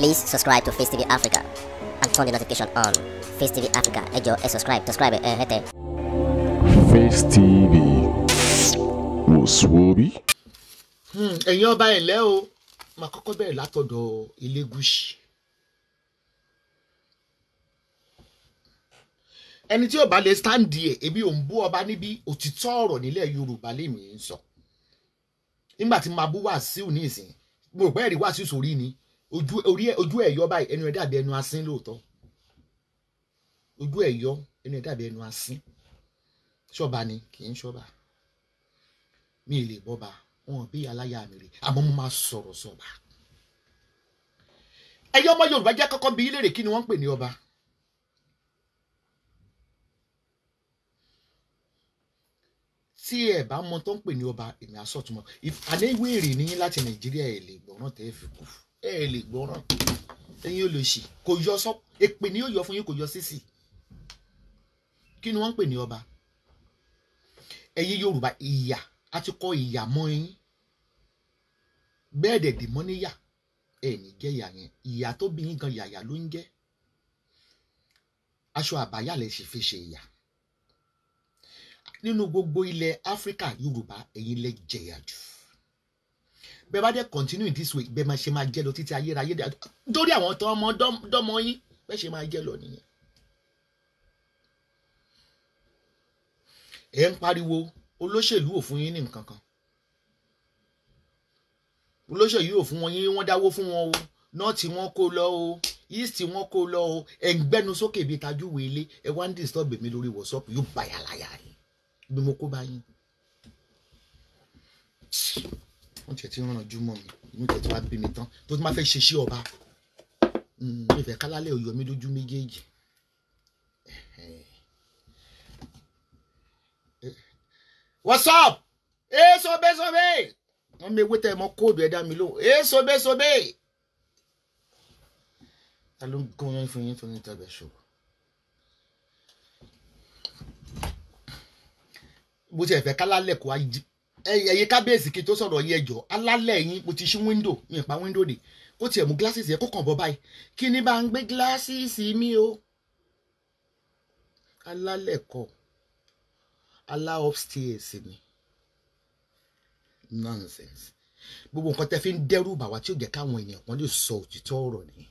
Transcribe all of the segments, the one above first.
Please subscribe to Face TV Africa and turn the notification on. Face TV Africa, ẹ jọ̀ọ́ ẹ subscribe, subscribe ẹ hẹ́tẹ̀. Face TV wò sùwòbí. ẹ̀yin ọba ẹ̀lẹ́ o màá kọ́kọ́ bẹ̀rẹ̀ látọ̀dọ̀ Elégùṣì. ẹni tí ọba lè stáǹdì ẹ̀ ebi ò ń bú ọba níbi òtítọ́ ọ̀rọ̀ nílẹ̀ Yorùbá lèmi ń sọ nígbà tí màá bú Wàsíù ní mo rò pé ẹ̀rí Wàsíù sórí ni. So ojú orí ojú ẹ̀ yọ báyìí ẹnu ẹ̀ dàbí ẹnu asín lóòótọ́ ojú ẹ̀ yọ ẹnu ẹ̀ dàbí ẹnu asín ṣọ́ba ni kì í ṣọ́ba mi ì lè bọ́ba wọn bí aláya mi rè àmọ́ mo máa sọ̀rọ̀ sọ̀ba ẹyẹ ọmọ Yorùbá jẹ́ kọ́kọ́ bí léèrè kí ni wọ́n ń pè ní ọba tí ẹ bá mọ tó ń pè ní ọba èmi àsọtúmọ̀ àléwèrè ní láti Nàìjíríà ẹ lè gbọ́ràn tẹ́ fi kù fún ẹ ẹ lè gbọ́ràn ẹ̀yin olóṣì kò yọ sọ èpè ni yóò yọ fún yín kò yọ sísì kí ni wọ́n ń pè ní ọba ẹ̀yin Yorùbá ìyà a ti kọ ìyà mọ́ yín bẹ́ẹ̀ dẹ̀ dì níyà ẹ̀ní jẹ́ ìyà yẹn ìyà tó bí yín gan yàyà ló ń jẹ́ aṣọ àbáyà ṣe fi ṣe ìyà nínú gbogbo ilẹ̀ Áfíríkà Yorùbá ẹ̀yin lè jẹ̀yà jù bẹ́ẹ̀ bá dẹ̀ continue this way bẹ́ẹ̀ máa ṣe máa jẹ́ lọ títí ayérayé dórí àwọn tó ọmọ dọ́mọ yín bẹ́ẹ̀ ṣe máa jẹ́ lọ nìyẹn. ẹ ń pariwo olóṣèlú ò fún yín ní nǹkan kan olóṣèlú ò fún wọn yín wọ́n dáwó fún wọn o nọ́ọ̀tì wọn kó lọ o east wọn kó lọ o ẹ̀ bíi tajúwe ilé ẹ wá ń disturb mi lórí wọ́sọ́ọ̀pù yóò báyà yín bí mo kó bá yín wọ́n tiẹ̀ ti rànà jù mọ́ mi inú tiẹ̀ ti wá bí mi tán tó ti máa fẹ́ ṣe sí ọba hmm, mi fẹ́ kálálẹ̀ òyò mi lójú méjèèjì what's up ẹ sobe, wọ́n mi ewé tẹ̀ mọ́ kóòdù ẹ̀dá mi lóhùn ẹ sobe. ta ló ń gún yín fún yín tó ní tẹ̀bẹ̀ ṣòwò. bó ti ẹ̀ fẹ́ kálálẹ̀ kó ẹyẹ kábíyèsí kí n tó sọ̀rọ̀ yẹ jọ alálẹ̀ yín mo ti ṣí wíńdò mi ì pa wíńdò dè ó tiẹ̀ mú gíláṣìs yẹn kó kàn bọ́ báyìí kí ni bá ń gbé gíláṣìs mi o alálẹ̀ kọ alá upstairs ni nonsense gbogbo nǹkan tẹ fi ń dẹ́rù bàwá tí ó jẹ́ káwọn èèyàn kan lè sọ òtítọ́ ọ̀rọ̀ ni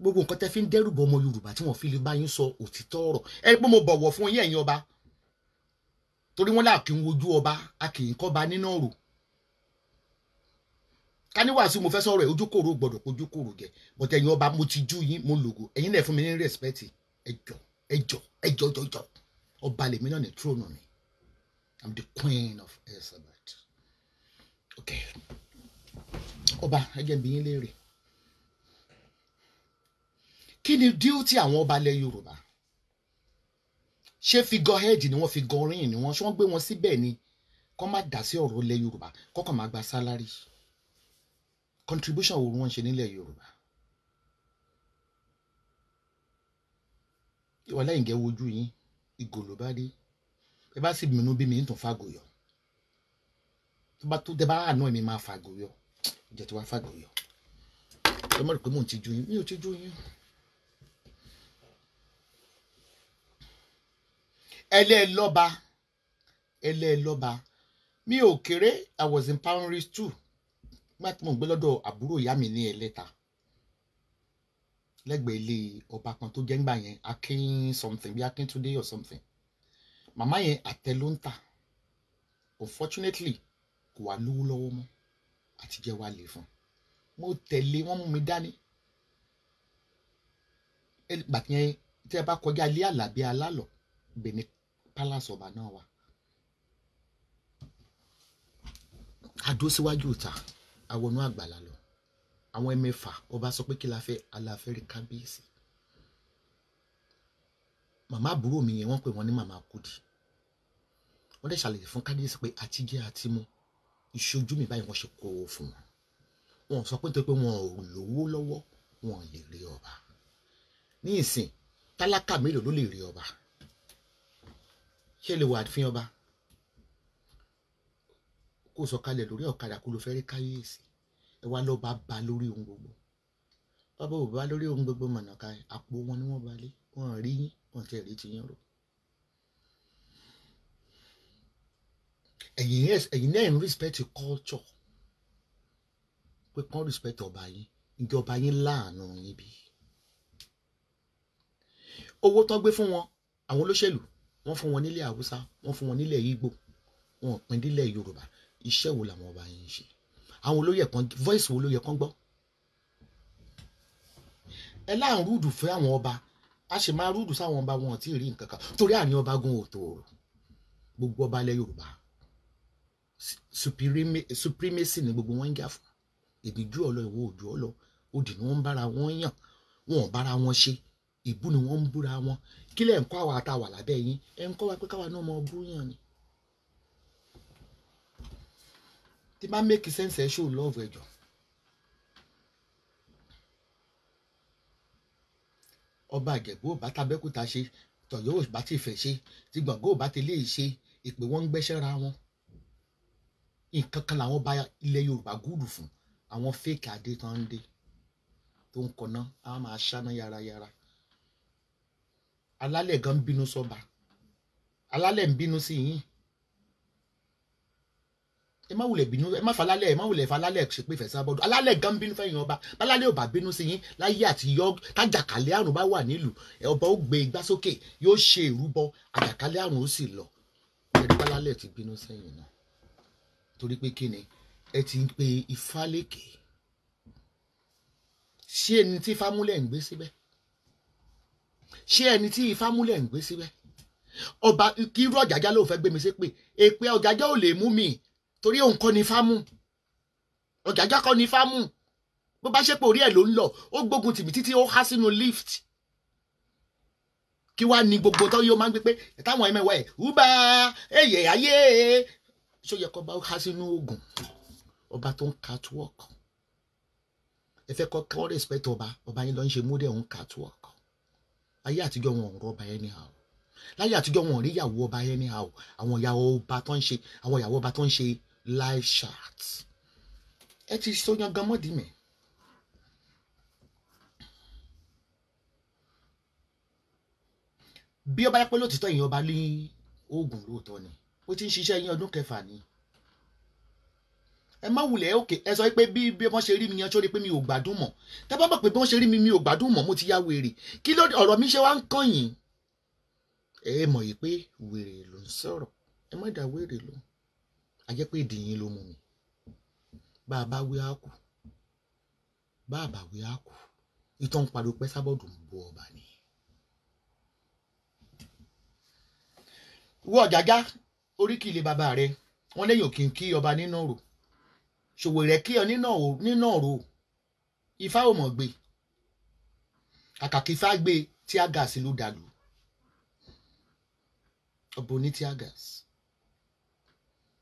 gbogbo nǹkan tẹ fi ń dẹ́rù bọ ọmọ Yorùbá tí wọ́n fi lè bá yín sọ òtítọ́ ọ̀rọ̀ ẹ pé mo bọ̀wọ̀ fún yín ẹ̀yin ọba torí wọn là kí n wojú ọba a kì í kọ́ba nínú ọ̀rọ̀ káníwàásù mo fẹ́ sọ̀rọ̀ ẹ̀ ojúkòrò gbọ́dọ̀ ojúkòrò jẹ but ẹ̀yin ọba mo ti jú yín mo lògò ẹ̀yin lẹ̀ fún mi ní rẹ́spẹ́tì ẹjọ ẹjọ ẹjọ jọjọ ọba lèmi náà ní tróònù mi I'm the queen of Elizabeth okay ọba ẹjẹ bí yín léèrè kí ni díútì àwọn ọba ilẹ̀ Yorùbá ṣé figurehead ni wọ́n figurine ni wọ́n ṣé wọ́n gbé wọn síbẹ̀ ni kọ́ má dá sí ọ̀rọ̀ ilẹ̀ yorùbá kọ́kàn má gba sálárì contribution wo wọ́n ṣe nílẹ̀ yorùbá. ìwà lẹ́yìn gẹ́ wojú yín ìgò ló bá dé ẹ bá sì mìínú bí mi ń tún fàgò yọ tó bá tó dé bá àná mi máa fàgò yọ ìjẹ́ tó wá fàgò yọ ẹ má rò pé mò ń tijú yín mi ò tijú yín. ẹlẹ́ẹ̀lọ́ba ẹlẹ́ẹ̀lọ́ba mi ò kéré I was in primary two nígbà tí mo ń gbé lọ́dọ̀ àbúrò ìyá mi ní ẹlẹ́ta lẹ́gbẹ̀ẹ́ ilé ọba kan tó jẹ́ ńgbà yẹn akin something bí today or something màmá yẹn àtẹ ló ń tà unfortunately kò wá lówó lọ́wọ́ mọ́ àti jẹ́ wá lè fún mo tẹ̀lé wọ́n mú mi dání gbàtí yẹn tí ẹ bá kọjá ilé àlàbí alálọ̀ bẹ̀ ní palace ọba náà wà a dúró síwájú ìta àwọnú àgbàlá lọ àwọn ẹmẹ̀fà ọba sọ pé kí la fẹ́ aláfẹ́ rí kábíyèsí màmá àbúrò mi yẹn wọ́n pè wọ́n ní màmá Kúdì wọ́n dẹ̀ ṣàlàyé fún kábíyèsí pé àti jẹ àti mu ìṣojú mi báyìí wọ́n ṣe kó o fún wọn wọ́n sọ pé nítorí pé wọn ò lówó lọ́wọ́ wọn lè rí ọba ní ìsìn tálákà mélòó ló lè rí ọba ṣé lè wà àfin ọba kó sọ̀kalẹ̀ lórí ọ̀kadà kó ló fẹ́ rí káyéèsí ẹ wá lọ́ọ́ bá ba lórí ohun gbogbo bàbá ò lórí ohun gbogbo mọ̀nàká àpò wọn ni wọ́n ba lé wọn rí yín wọn tẹ̀ rí tiyín rò. ẹ̀yin ẹ̀yin náà ń respect culture pé kán respect ọba yín ǹjẹ́ ọba yín láàánú yín bí. owó tán gbé fún wọn àwọn olóṣèlú wọ́n fún wọn nílẹ̀ haúsá wọ́n fún wọn nílẹ̀ Ìgbò wọn pín nílẹ̀ Yorùbá iṣẹ́ wo làwọn ọba yẹn ń ṣe àwọn olóyè kan voice wo olóyè kan gbọ́ ẹ láàrin rúdù fún àwọn ọba a sì máa rúdù sáwọn ọba wọn tí ì rí torí àní ọba gun òtò gbogbo ọba ilẹ̀ Yorùbá supremacy ni gbogbo wọn ń jà fún ìbíjú ọlọ ìwọ òjò ọlọ òdì ni wọn ń bára wọn yàn wọn ò bára wọn ṣe ìbú ni wọn ń búra wọn kí lẹ̀ ń kọ́ àwa àtàwà lábẹ́ yín ẹ̀ ń kọ́ wa pé káwa náà mọ búyàn ni. tí bá make sense ẹ ṣó lọ́ọ̀fù ẹ̀jọ̀. ọba àjẹ̀bú ò bá tabẹ́kúta ṣe tọ̀yọ́ ò bá ti fẹ́ ṣe tí gbọ̀ngàn ò bá ti lè ṣe ìpè wọ́n ń gbẹ́ṣẹ́ ra wọn. nǹkan kan làwọn ọba ilẹ̀ Yorùbá gúdù fún àwọn fake adé tán ń dé tó ń kọ́ná á máa ṣáná yárayára. Yara alálẹ̀ gan bínú sọba alálẹ̀ ń bínú sí yín ẹ má wulẹ̀ bínú ẹ má falálẹ̀ ẹ má wulẹ̀ falálẹ̀ ṣe pé fẹ̀sẹ̀ abọ́dọ̀ alálẹ̀ gan bínú fẹ̀yìn ọba balálẹ̀ ò bá bínú sí yín láyé àti yọ tájàkálẹ̀ àrùn bá wà nílùú ọba ó gbé igbá sókè yóò ṣe ìrúbọ àjàkálẹ̀ àrùn ó sì lọ ẹni balálẹ̀ ti bínú sẹ́yìn náà torí pé kí ni ẹ ti ń pe ifá lékè ṣé ẹni tí fámúlẹ̀ ń gbé síbẹ̀ ṣé ẹni tí ifá múlẹ̀ ń gbé síbẹ̀ ọba kí irú ọ̀jájá ló fẹ́ gbé mi sí pé èpè ọ̀jájá ò lè mú mi torí òun kọ́ ni ifá mú ọ̀jájá kọ́ ni ifá mú bó bá ṣe pé orí ẹ̀ ló ń lọ ó gbógun tìmí títí ó há sínú lift kí wàá ní gbogbo tó yóò máa ń gbé pé táwọn ẹmẹ̀wà ẹ̀ húbà ẹ̀yẹ̀ ayé ṣó yẹ kó bá há sínú oògùn ọba tó ń catwalk ẹ fẹ́ kọ́ kọ́ respect ọba ọba yín ló ń ṣe múdẹ̀ òun catwalk láyé àtijọ́ wọn ò rọba anyhow láyé àtijọ́ wọn ò rí ìyàwó ọba anyhow àwọn ìyàwó ọba tó ń ṣe àwọn ìyàwó ọba tó ń ṣe live chat ẹ ti sọ yangan mọ́dì mẹ́. bí ọba yẹ pé lóòtítọ́ ìyẹn ọba ní oògùn lóòótọ́ ni ó ti ń ṣiṣẹ́ yín ọdún kẹfà ni ẹ má wulẹ̀ òkè ẹ sọ pé bí bí wọ́n ṣe rí mi yẹn sórí pé mi ò gbádùn mọ̀ tẹ́ bá mọ̀ pé bí wọ́n ṣe rí mi mi ò gbádùn mọ̀ mo ti ya wèrè kí ló ọ̀rọ̀ mi ṣe wá ń kàn yín ẹ mọ̀ yìí pé wèrè ló ń sọ̀rọ̀ ẹ má dá wèrè lọ a jẹ́ pé ìdìyín ló mú mi bá a bá wí á kù bá a bá wí á kù ìtàn ń pariwo pé sábọ̀dù ń bú ọba ni. wọ ọ̀jájá oríkì bàbá rẹ wọ́n lẹ́yìn òkè kí ọba nínú rò Ṣòwòrẹ́ kí ọ nínà òro ifá ò mọ̀ gbé àkàkífá gbé tíá gáàsì ló dàlú ọ̀bọ ní tíá gáàsì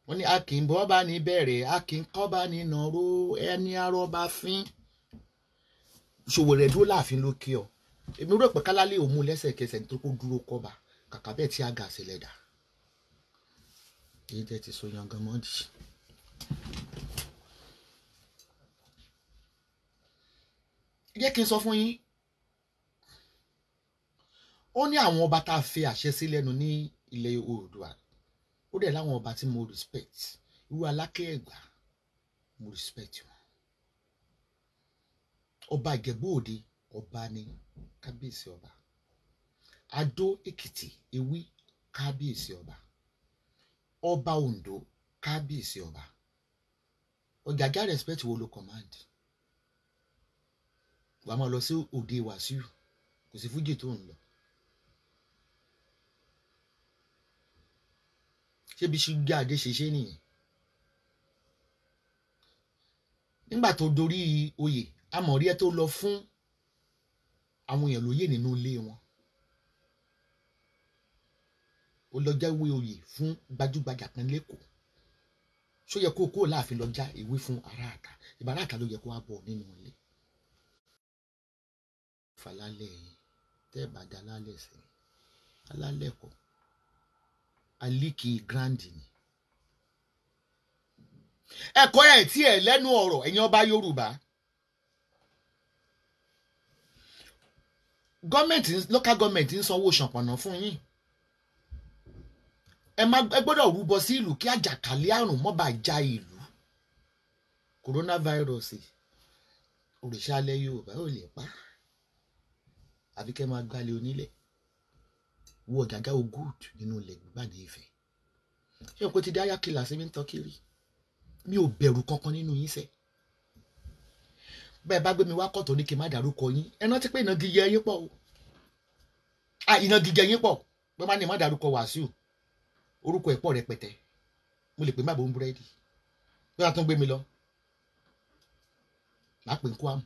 wọ́n ní a kì í bọ́ bá ní bẹ̀rẹ̀ a kì í kọ́ bá ní nàró ẹni arọ́ bá fín Ṣòwòrẹ́ dúró láàfin ló kí ọ èmi rò pé kálálẹ̀ òun mú lẹ́sẹ̀kẹsẹ̀ nítorí kó dúró kọ́ba kàkà bẹ́ẹ̀ tíá gáàsì lẹ́dà èyí tẹ́ ti sọ yangan mọ́dì. jẹ́ kí n sọ fún yín ó ní àwọn ọba tá a fi àṣẹ sí lẹ́nu ní ilẹ̀ oòdùà ó dẹ̀ láwọn ọba tí mo respect irú Aláké Ẹ̀gbá mo respect wọn ọba Ìjẹ̀bú Òde ọba ni kábíyèsí ọba Adó Èkìtì Ewí kábíyèsí ọba ọba Oǹdó kábíyèsí ọba ọ̀gàgà respect wo ló command wàá máa lọ sí òde wàsíù kò sí fújì tó ń lọ. ṣébi ṣúgà adé ṣe ṣe nìyẹn nígbà tó dorí oyè amọ̀rí ẹ tó lọ fún àwọn èèyàn lóyè nínú ilé wọn ó lọ jáwé oyè fún gbajúgbajà kan lẹ́kọ̀ọ́ ṣó kó kó láàfin lọ já ìwé fún aráàta ìbáraàta ló yẹ kó wá bọ̀ nínú ilé falálẹ̀ yìí tẹ́ ẹ̀ bá da alálẹ̀ sí ni alálẹ̀ kọ́ alíkì gíráǹdì ni ẹ̀kọ́ ẹ̀ tí ẹ̀ lẹ́nu ọ̀rọ̀ ẹ̀yin ọba Yorùbá gọ́ọ̀mẹ̀ntì local gọ́ọ̀mẹ̀ntì ń sanwó ṣànpọ̀nà fún yín ẹ má ẹ gbọ́dọ̀ rúbọ sí ìlú kí àjàkálẹ̀ àrùn má bàá ja ìlú coronavirus òrìṣà alẹ́ Yorùbá ò lè pa á àfi kẹ́ máa gbalẹ̀ onílẹ̀ wo ọ̀dàgá o good nínú ilẹ̀ gbàdé ìfẹ́ ṣé o kò ti dá yá kìlà sí mi ń tọ́ kiri mi ò bẹ̀rù kankan nínú yín sẹ́ bẹ́ẹ̀ bá gbé mi wá kọ̀tọ̀ ní kí n má dárúkọ yín ẹ rántí pé ìnagijẹ yín pọ̀ o à ah, ìnagijẹ yín pọ̀ pé má ní má dárúkọ Wàsíù orúkọ ẹ̀ pọ̀ rẹpẹtẹ mo lè pè má bò ń búrẹ́dì bí wàá tún gbé mi lọ má pè ń kó àmù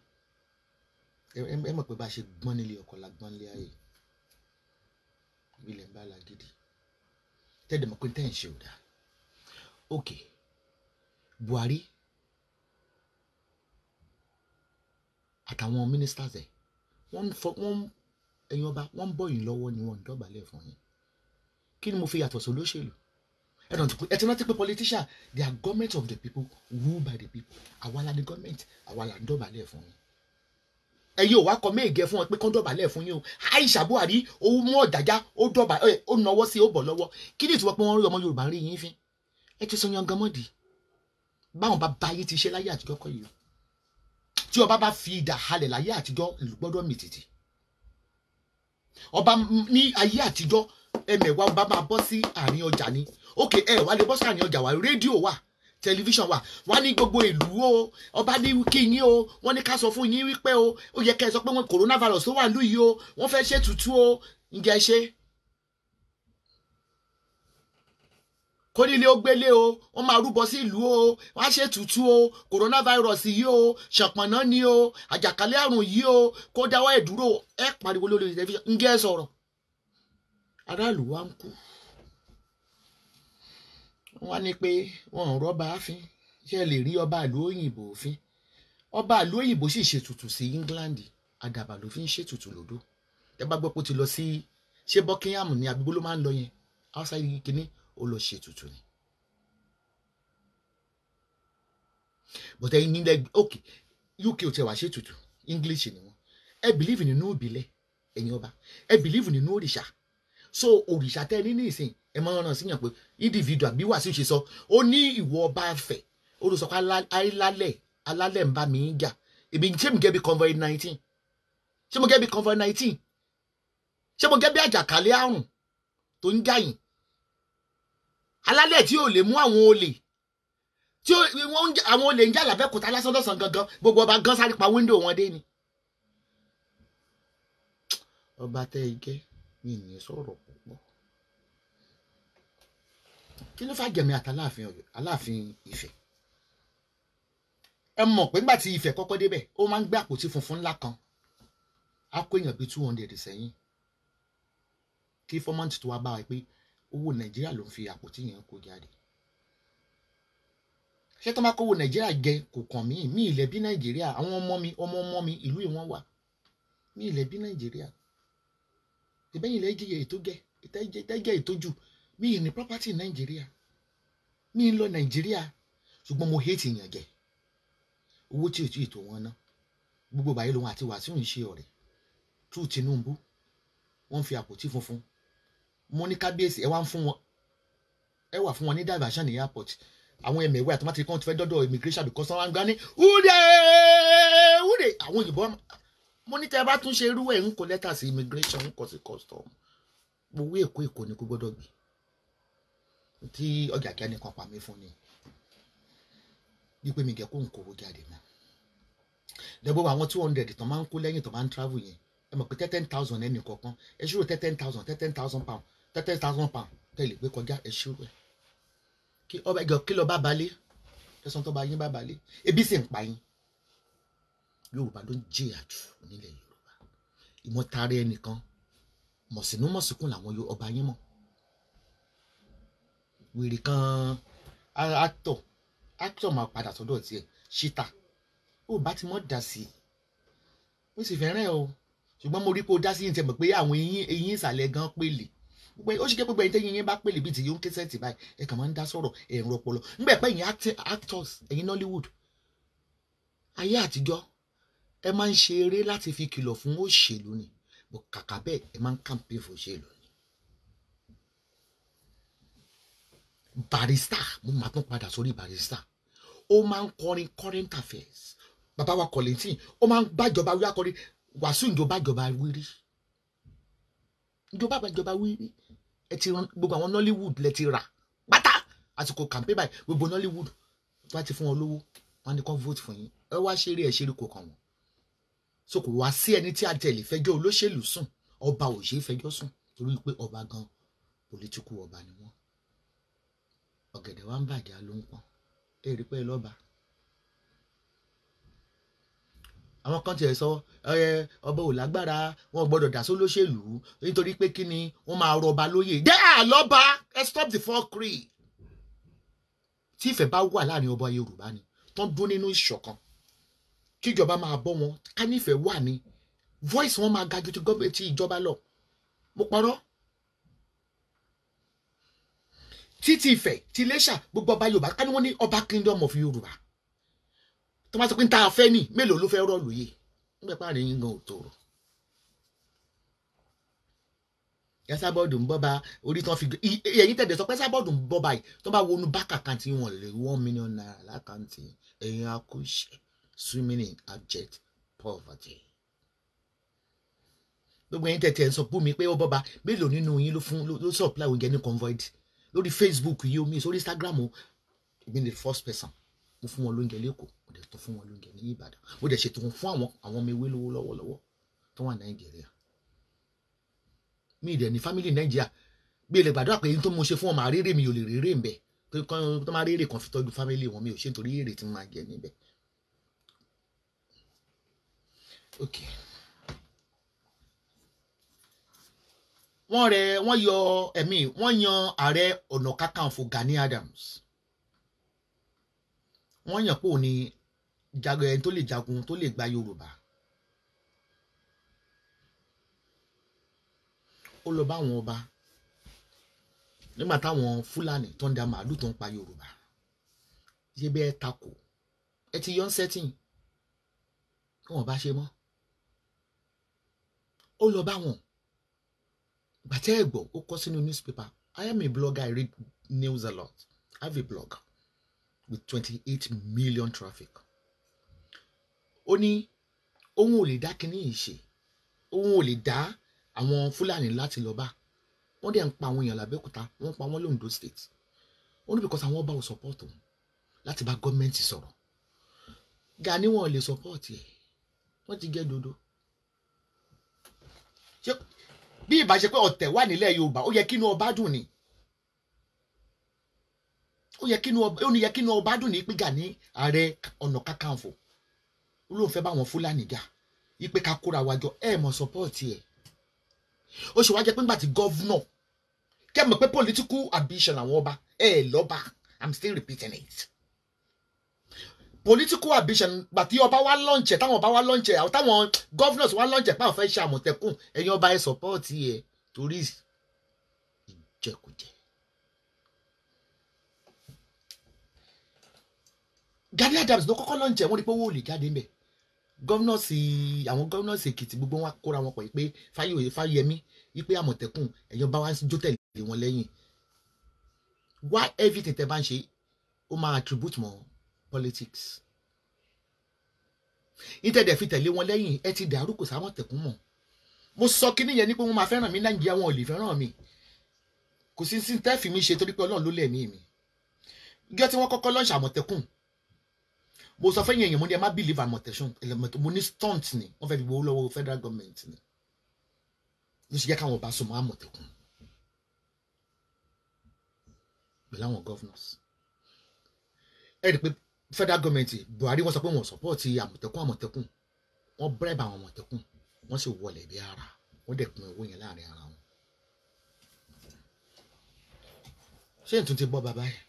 ẹ mọ̀ pé bá a ṣe gbọ́n nílé ọkọ la gbọ́n nílé ayé ilẹ̀ ń bá la gidi tẹ́lẹ̀ mọ̀ pé tẹ́ ẹ̀ ń ṣe ò dáa ok Buhari àtàwọn ministers ẹ̀ wọ́n ń fọ wọ́n ẹ̀yin ọba wọ́n ń bọ̀ yín lọ́wọ́ ni wọ́n ń dọ̀bálẹ̀ fún yín kí ni mo fi yàtọ̀ sólóṣèlú ẹ ti rántí pé politician they are government of the people rule by the people àwa la ni government àwa la ń dọ̀bálẹ̀ fún yín ẹ̀yin ò wá kọ méje fún wọn pé kán dọ̀bálẹ̀ fún yín o Aisha Buhari ó mú ọ̀dájá ó dọ̀bà ó nawọ́ sí ó bọ̀ lọ́wọ́ kí ni ìtumọ̀ pé wọ́n rí ọmọ Yorùbá rí yín fín ẹ ti sọ yangan mọ́dì báwọn bá bá yín ti ṣe láyé àtijọ́ kọ́ yìí tí ọba bá fi idà halẹ̀ láyé àtijọ́ gbọ́dọ̀ mì tìtì ọba ní ayé àtijọ́ ẹ̀mẹ̀wá ọba máa bọ́ sí àárín ọjà ni ókè ẹ̀ wá lè bọ́ sí àárín ọjà wa rédíò wà tẹlifíṣàn wa, wá ní gbogbo ìlú o ọba ní kí o wọ́n ní ká sọ fún yín wípé o ó yẹ kẹ́ ẹ sọ pé wọ́n coronavirus tó wà lú yìí o wọ́n fẹ́ ṣètùtù o ǹjẹ́ ṣe. kó nílé ó gbélé o wọ́n máa rúbọ sí ìlú o wọ́n á ṣètùtù o coronavirus yìí o ṣàpọ̀nà ni o àjàkálẹ̀ àrùn yìí o kó dáwọ́ ẹ̀ dúró pariwo lórí tẹlifíṣàn ǹjẹ́ sọ̀rọ̀ aráàlú wa ń kú wọ́n á ní pé wọn ò rọ́bà áfín ṣe lè rí ọba ìlú òyìnbó òfin ọba ìlú òyìnbó sì ṣètùtù sí England àdàbà ló fi ń ṣètùtù lódò ẹ bá gbọ́ pé ó ti lọ sí ṣé Buckingham ni, agbègbè ló máa ń lọ yẹn outside kínní ó lọ ṣètùtù ni. bọ̀tẹ́ nílẹ̀ ok UK ò tẹ̀ wá ṣètùtù English ni wọ́n ẹ bìlíìfù nínú ìbílẹ̀ ẹ̀yin ọba ẹ bìlíìfù nínú òrìṣà so òrìṣà tẹ́ ní ní ìsìn ẹ máa ràn síyàn pé individual bí wàásù ṣe sọ ó ní ìwọ ọba afẹ ó lọ sọ pé alálẹ̀ alálẹ̀ ń bá mi ń jà èmi ṣé mi gẹ́bi convoy nineteen ṣé mo gẹ́bi convoy nineteen ṣé mo gẹ́bi àjàkálẹ̀ àrùn tó ń jà yìí alálẹ̀ tí ò lè mú àwọn olè tí àwọn olè ń jà lábẹ́kúta lásán lọ́sàn gangan gbogbo ọba gan sáré pa wíńdò wọn dé ni. ọba tẹ́ ẹ jẹ́ mi sọ̀rọ̀ púpọ̀ kí ló fàjẹmí àtàláàfin aláàfin Ifẹ̀ ẹ mọ̀ pé ńgbà tí Ifẹ̀ kọ́kọ́ débẹ̀ ó máa ń gbé àpótí funfun ńlá kan á kó èèyàn bíi two hundred sẹ́yìn kí fọ́mọ́ǹt tó wá bá wa pé owó Nàìjíríà ló ń fi àpótí yẹn kó jáde ṣé tó máa kówó Nàìjíríà jẹ kò kàn mí mí ilẹ̀ bí Nàìjíríà àwọn ọmọ mi ọmọ ọmọ mi ìlú ìwọ̀n wà mí ilẹ̀ bí Nàìjíríà ìbẹ́yìn ilẹ̀ jẹ́ ètò jẹ́ ìtẹ́jẹ́ ètò jù mi ì ní property nàìjíríà mi ì lọ nàìjíríà ṣùgbọ́n mo hate èèyàn jẹ owó tí ò tí ì tó wọn ná gbogbo báyìí lòun àti wàsíù ń ṣe ọ̀rẹ́ tú Tinubu wọ́n fi àpótí funfun mo ní kábíyèsí ẹ wá ń fún wọn ẹ wà fún wọn ní diversion airport àwọn ẹmẹ̀wé àti tomato kan ti fẹ́ dọ́dọ̀ immigration because wọ́n á ń gbá ní wúdẹ wúdẹ àwọn òyìnbó mo ní tẹ́ ẹ bá tún ṣe irú ẹ̀ ń kó lẹ́tà sí immigration ń kọ sí custom gbowó èkó èkó ni kó gbọ́dọ̀ gbé tí ọjà kíá nìkan pa mí fún ni wípé mi kẹ kó nǹkan owó jáde mọ́ dẹ́gbọ́n àwọn two hundred tán máa ń kó lẹ́yìn tán máa ń travel yẹn ẹ mọ̀ pé ten thousand ẹnì kọ̀ọ̀kan ẹ ṣírò ten thousand ten thousand pound ten thousand pound tẹ̀lé gbé kọjá ẹ ṣírò ẹ kí ọba ẹgbẹ́ kí lọ bá balẹ̀ ẹ̀sán tó bá yín bá balẹ̀ ebi sì ń pa yín Yorùbá ló ń jìyà jù nílẹ̀ Yorùbá ìmọ̀tara ẹnìkan mọ̀sínú mọ̀síkún làwọn ọba yín mọ̀ wèrè kan actor actor máa padà sọ́dọ̀ tiẹ̀ ṣíta ó bá ti mọ́ dà sí i mo sì fẹ́ràn o ṣùgbọ́n mo rí pé o dá sí yìí tẹ̀ mọ̀ pé àwọn eyín eyín ìsàlẹ̀ gan pèlè pé ó ṣe jẹ́ gbogbo ẹ̀yin tẹ́yìn yẹn bá pèlè bíi ti yóò kẹsẹ̀ tì báyìí ẹ kàn máa ń dá sọ̀rọ̀ ẹ̀rọ ọpọlọ nígbà pẹ́ ẹ̀yin actors ẹ̀yin Nollywood ayé àtijọ́ ẹ máa ń ṣe eré láti fi kìlọ̀ fún òṣèlú ni kàkà bẹ́ẹ̀ ẹ máa ń kàǹpé fún òṣèlú barista mo máa tún padà sórí barista ó máa ń kọrin current affairs bàbá wa Kollington ó máa ń bájọba wí akọrin wàásù ìjọba ìjọba wírí ìjọba ìjọba wírí ẹ ti ran gbogbo àwọn Nollywood lẹ ti rà pátá àsìkò campaign báyìí gbogbo Nollywood wá ti fún wọn lówó wọn ni kàn vote fún yín ẹ wá ṣeré ẹ ṣeré kò kàn wọn so kò wá sí ẹni tí a tẹ̀lé fẹjọ́ olóṣèlú sùn ọba òye fẹjọ́ sùn torí pé ọba gan politiku ọba ni wọn ọ̀gẹ̀dẹ̀ wa ń bàjẹ́ ló ń pọ̀n èrè pé lọ́ba. àwọn kan tiẹ̀ sọ ọba ò lágbára wọn ò gbọ́dọ̀ dàsó lóṣèlú nítorí pé kí ni wọ́n máa rọba lóyè dẹ́ àlọ́ba ẹ stop the fuckery. tí ìfẹ́ bá wà láàrin ọba Yorùbá ni tán dún nínú ìṣọ̀kan kíjọba máa bọ́ wọn ká nífẹ̀ẹ́ wà ní voice wọn máa ga ju ti ìjọba lọ mo parọ́ títí Ifẹ̀ ti Iléṣà gbogbo ọba Yorùbá ká ní wọ́n ní ọba kingdom of Yorùbá tó máa sọ pé ń ta afẹ́ ní mélòó ló fẹ́ rọ́ọ̀lù yìí ń pẹ́ pààrin yín gan òtòrò. yẹn sábọ́ọ̀dù ń bọ́ba orí tán fi ẹ̀yìn tẹ̀dẹ̀ sọ pé sábọ́ọ̀dù ń bọ́ba yìí tó bá wọnú báàkì àkáǹtì wọn lè one million naira lákàǹtì ẹ̀yìn akóṣe swimming in abject poverty. gbogbo ẹ̀yin tẹ̀tẹ̀ ń sọ bú mi pé ó bọ́ba mélòó nínú yín ló fún ló supply oúnjẹ ní convoy lórí facebook yìí omi sórí instagram o èmi ni the first person mo fún wọn lóúnjẹ lẹ́kọ̀ọ́ mo dẹ̀ tún fún wọn lóúnjẹ ní ìbàdàn mo dẹ̀ ṣètò wọn fún àwọn àwọn ọmọ ewé lówó lọ́wọ́lọ́wọ́ tó wà nàìjíríà mi ì dẹ̀ ní family nàìjíríà bí ilẹ̀ gbàdúrà pé tó mo ṣe fún ọmọ àrèrè mi ò lè rèrè ń bẹ̀ tó máa rèrè kan fi tọ́jú family wọn mi ò ṣe nítorí èrè tí mo máa jẹ níbẹ̀. okay. wọ́n rẹ wọ́n yọ ẹ̀mí wọ́n yan ààrẹ ọ̀nà kakanfò Gani Adams wọ́n yàn pò ní ẹni tó lè jagun tó lè gba Yorùbá ó lọ bá àwọn ọba nígbà táwọn Fúlàní tó ń da màálù tó ń pa Yorùbá ṣé bẹ́ẹ̀ takò ẹ ti yọ ń sẹ́tìn kí wọ́n bá ṣe mọ́ ó lọ bá wọn bàtẹ́ ẹ̀gbọ́ ó kọ́ sínú newspaper I am a blogger I read news a lot I have a blog with twenty eight million traffic ó ní òun ò lè dá kínní yìí ṣe òun ò lè dá àwọn fúlàní láti lọ bá wọ́n dẹ̀ ń pa àwọn èèyàn làbẹ́òkúta wọ́n pa wọ́n lóńdó state ó because àwọn ọba ò support òun láti bá gọ́ọ̀mẹ̀ntì sọ̀rọ̀ Gani wọn ò lè support ẹ̀ wọ́n ti gẹ́ dodo. Yep bí ìbá ṣe pé ọ̀tẹ̀ wà nílẹ̀ Yorùbá ó yẹ kínú ọba dùn ni ó yẹ kínú ọba ó ní yẹ kínú ọba dùn ní pé Gani ààrẹ ọ̀nà kakanfò ó lóun fẹ́ bá àwọn Fúlàní jà ipe ká kóra wa mọ̀ sọ́pọ́ọ̀tì ẹ̀ ó ṣe wá jẹ́ pé ńgbà tí gọ́vnọ̀ kẹ́ mọ̀ pé political ambition àwọn ọba ẹ lọ́ba I'm still repeating it political ambition gbàtí ọba wa lọ́ǹchẹ̀ táwọn ọba wa lọ́ǹchẹ̀ àwọn táwọn governors wa lọ́ǹchẹ̀ pàwọn fẹ́ ṣe àmọ̀tẹ́kùn ẹ̀yin ọba ẹ̀ sọ́pọ́ọ̀tì ẹ̀ torí ìjẹkújẹ. Gani Adams ló kọ́kọ́ lọ́ǹchẹ̀ wọ́n ní pé owó ò lè jáde ńbẹ̀ gọ́fínọ̀sì àwọn gọ́fínọ̀sì Èkìtì gbogbo wọn kóra wọn pọ̀ yìí pé Fáyọ̀yẹ Fáyẹmí yìí pé àmọ̀tẹ́kùn ẹ̀yin ọba wa jó tẹ̀lé wọn lẹ́yìn why everything tẹ bá ń ṣe ó máa attribute mọ́ wọn politics ìtẹ̀dẹ̀ fi tẹ̀lé wọn lẹ́yìn ẹ ti dàrú kò sáwọn tẹ̀kún mọ̀ mo sọ kí nìyẹn ni pé wọ́n máa fẹ́ràn mi nàìjíríà wọn ò lè fẹ́ràn mi kò sí sí tẹ́ẹ̀fì mi ṣe torí pé ọlọ́run ló lẹ̀mí mi gẹ́gẹ́ tí wọ́n kọ́kọ́ lọ́ọ̀ṣì àmọ̀tẹ́kùn mo sọ fẹ́yìn èèyàn mo ní ẹ má believe àmọ̀tẹ́sùn mo ní stunt ni wọ́n fẹ́ fi gbowó lọ́wọ́ federal government ni ló ṣe jẹ́ káwọn ọba sọmọ àmọ̀tẹ́kùn pẹ̀lú àwọn governors ẹ rí i pé federal government buhari wọ́n sọ pé wọ́n sọpọ́ọ̀tì àmọ̀tẹ́kùn àmọ̀tẹ́kùn wọ́n bribe àwọn àmọ̀tẹ́kùn wọ́n sì wọlé bí ara wọ́n dẹ̀ pín owó yẹn láàrin ara wọn. ṣé ìtún ti bọ́ bàbá yẹn.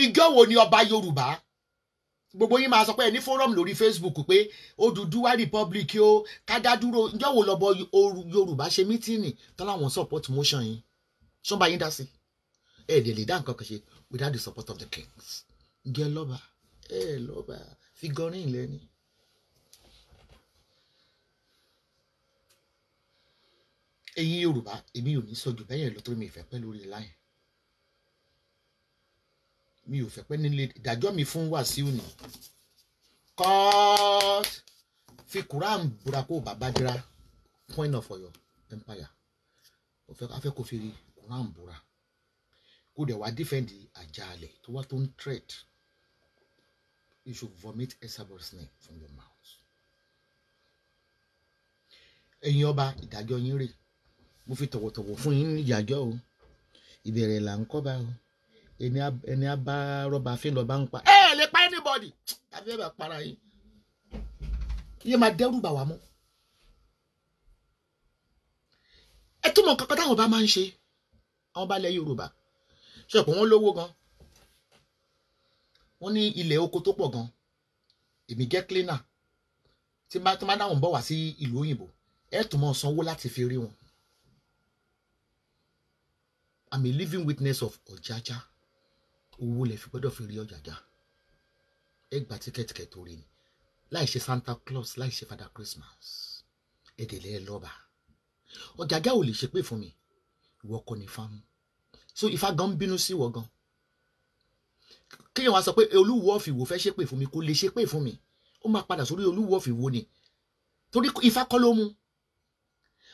ìjọ wo ni ọba yorùbá gbogbo yín máa sọ pé ẹ ní fọ́rọ̀mù lórí facebook pé Odùduwà republic o kádádúró ìjọ wo lọ́bọ yorùbá ṣe mítìnì tọ́lá wọn support motion yín ṣọ́nba yín dá sí ẹ̀ lè lè dá nǹkan kan ṣe without the support of the kings jẹ́ lọ́ba ẹ lọ́ba figurine lẹ́ni. ẹ̀yin yorùbá èmi ò ní sọ jù bẹ́yẹn lọ torí mi ìfẹ́ pẹ́ lórí láyìn mi ò fẹ́ pẹ́ nílé ìdájọ́ mi fún Wàsíù ni court fi Quran búra kó bàbá of Ọ̀yọ́ empire afẹ́ kò fi Quran búra kó dẹ̀ wá dífẹ́ǹdì àjàalẹ̀ tó wá tó ń threat you should vomit Esabod's name from your mouth. ẹ̀yin ọba ìdájọ́ yín rè mo fi tọ̀wọ̀tọ̀wọ̀ fún yín ní ìdájọ́ o ìbẹ̀rẹ̀ là ń kọ́ba o ẹni á bá rọ́bà fín lọ́ba ń pa ẹ lè pa anybody àbí ẹ bá para yín iye máa dẹ́rù bà wá mọ́ ẹ túmọ̀ kankan táwọn ọba máa ń ṣe àwọn ọba ilẹ̀ Yorùbá ṣe pé wọ́n lówó gan wọ́n ní ilẹ̀ oko tó pọ̀ gan èmi jẹ́ cleaner tí má tí má dáhùn bọ̀ wá sí ìlú òyìnbó ẹ̀ tún mọ̀ sanwó láti fi rí wọn I'm a living witness of Ọ̀jájá owó lè fi gbọ́dọ̀ fi rí Ọ̀jájá ẹ gba tíkẹ́tìkẹ́ tó rí ni láì ṣe Santa Claus láì ṣe Father Christmas ẹ dẹ̀ lẹ́ẹ̀ lọ́ba Ọ̀jájá ò lè ṣe pé fún mi ìwọ kọ́ ni fáwọn so ifá gan bínú sí wọ gan kéèyàn wá sọ pé olúwo ọ̀fìwò fẹ́ ṣépè fún mi kò lè ṣépè fún mi ó máa padà sórí olúwo ọ̀fìwò ni torí ifá kọ́ ló mú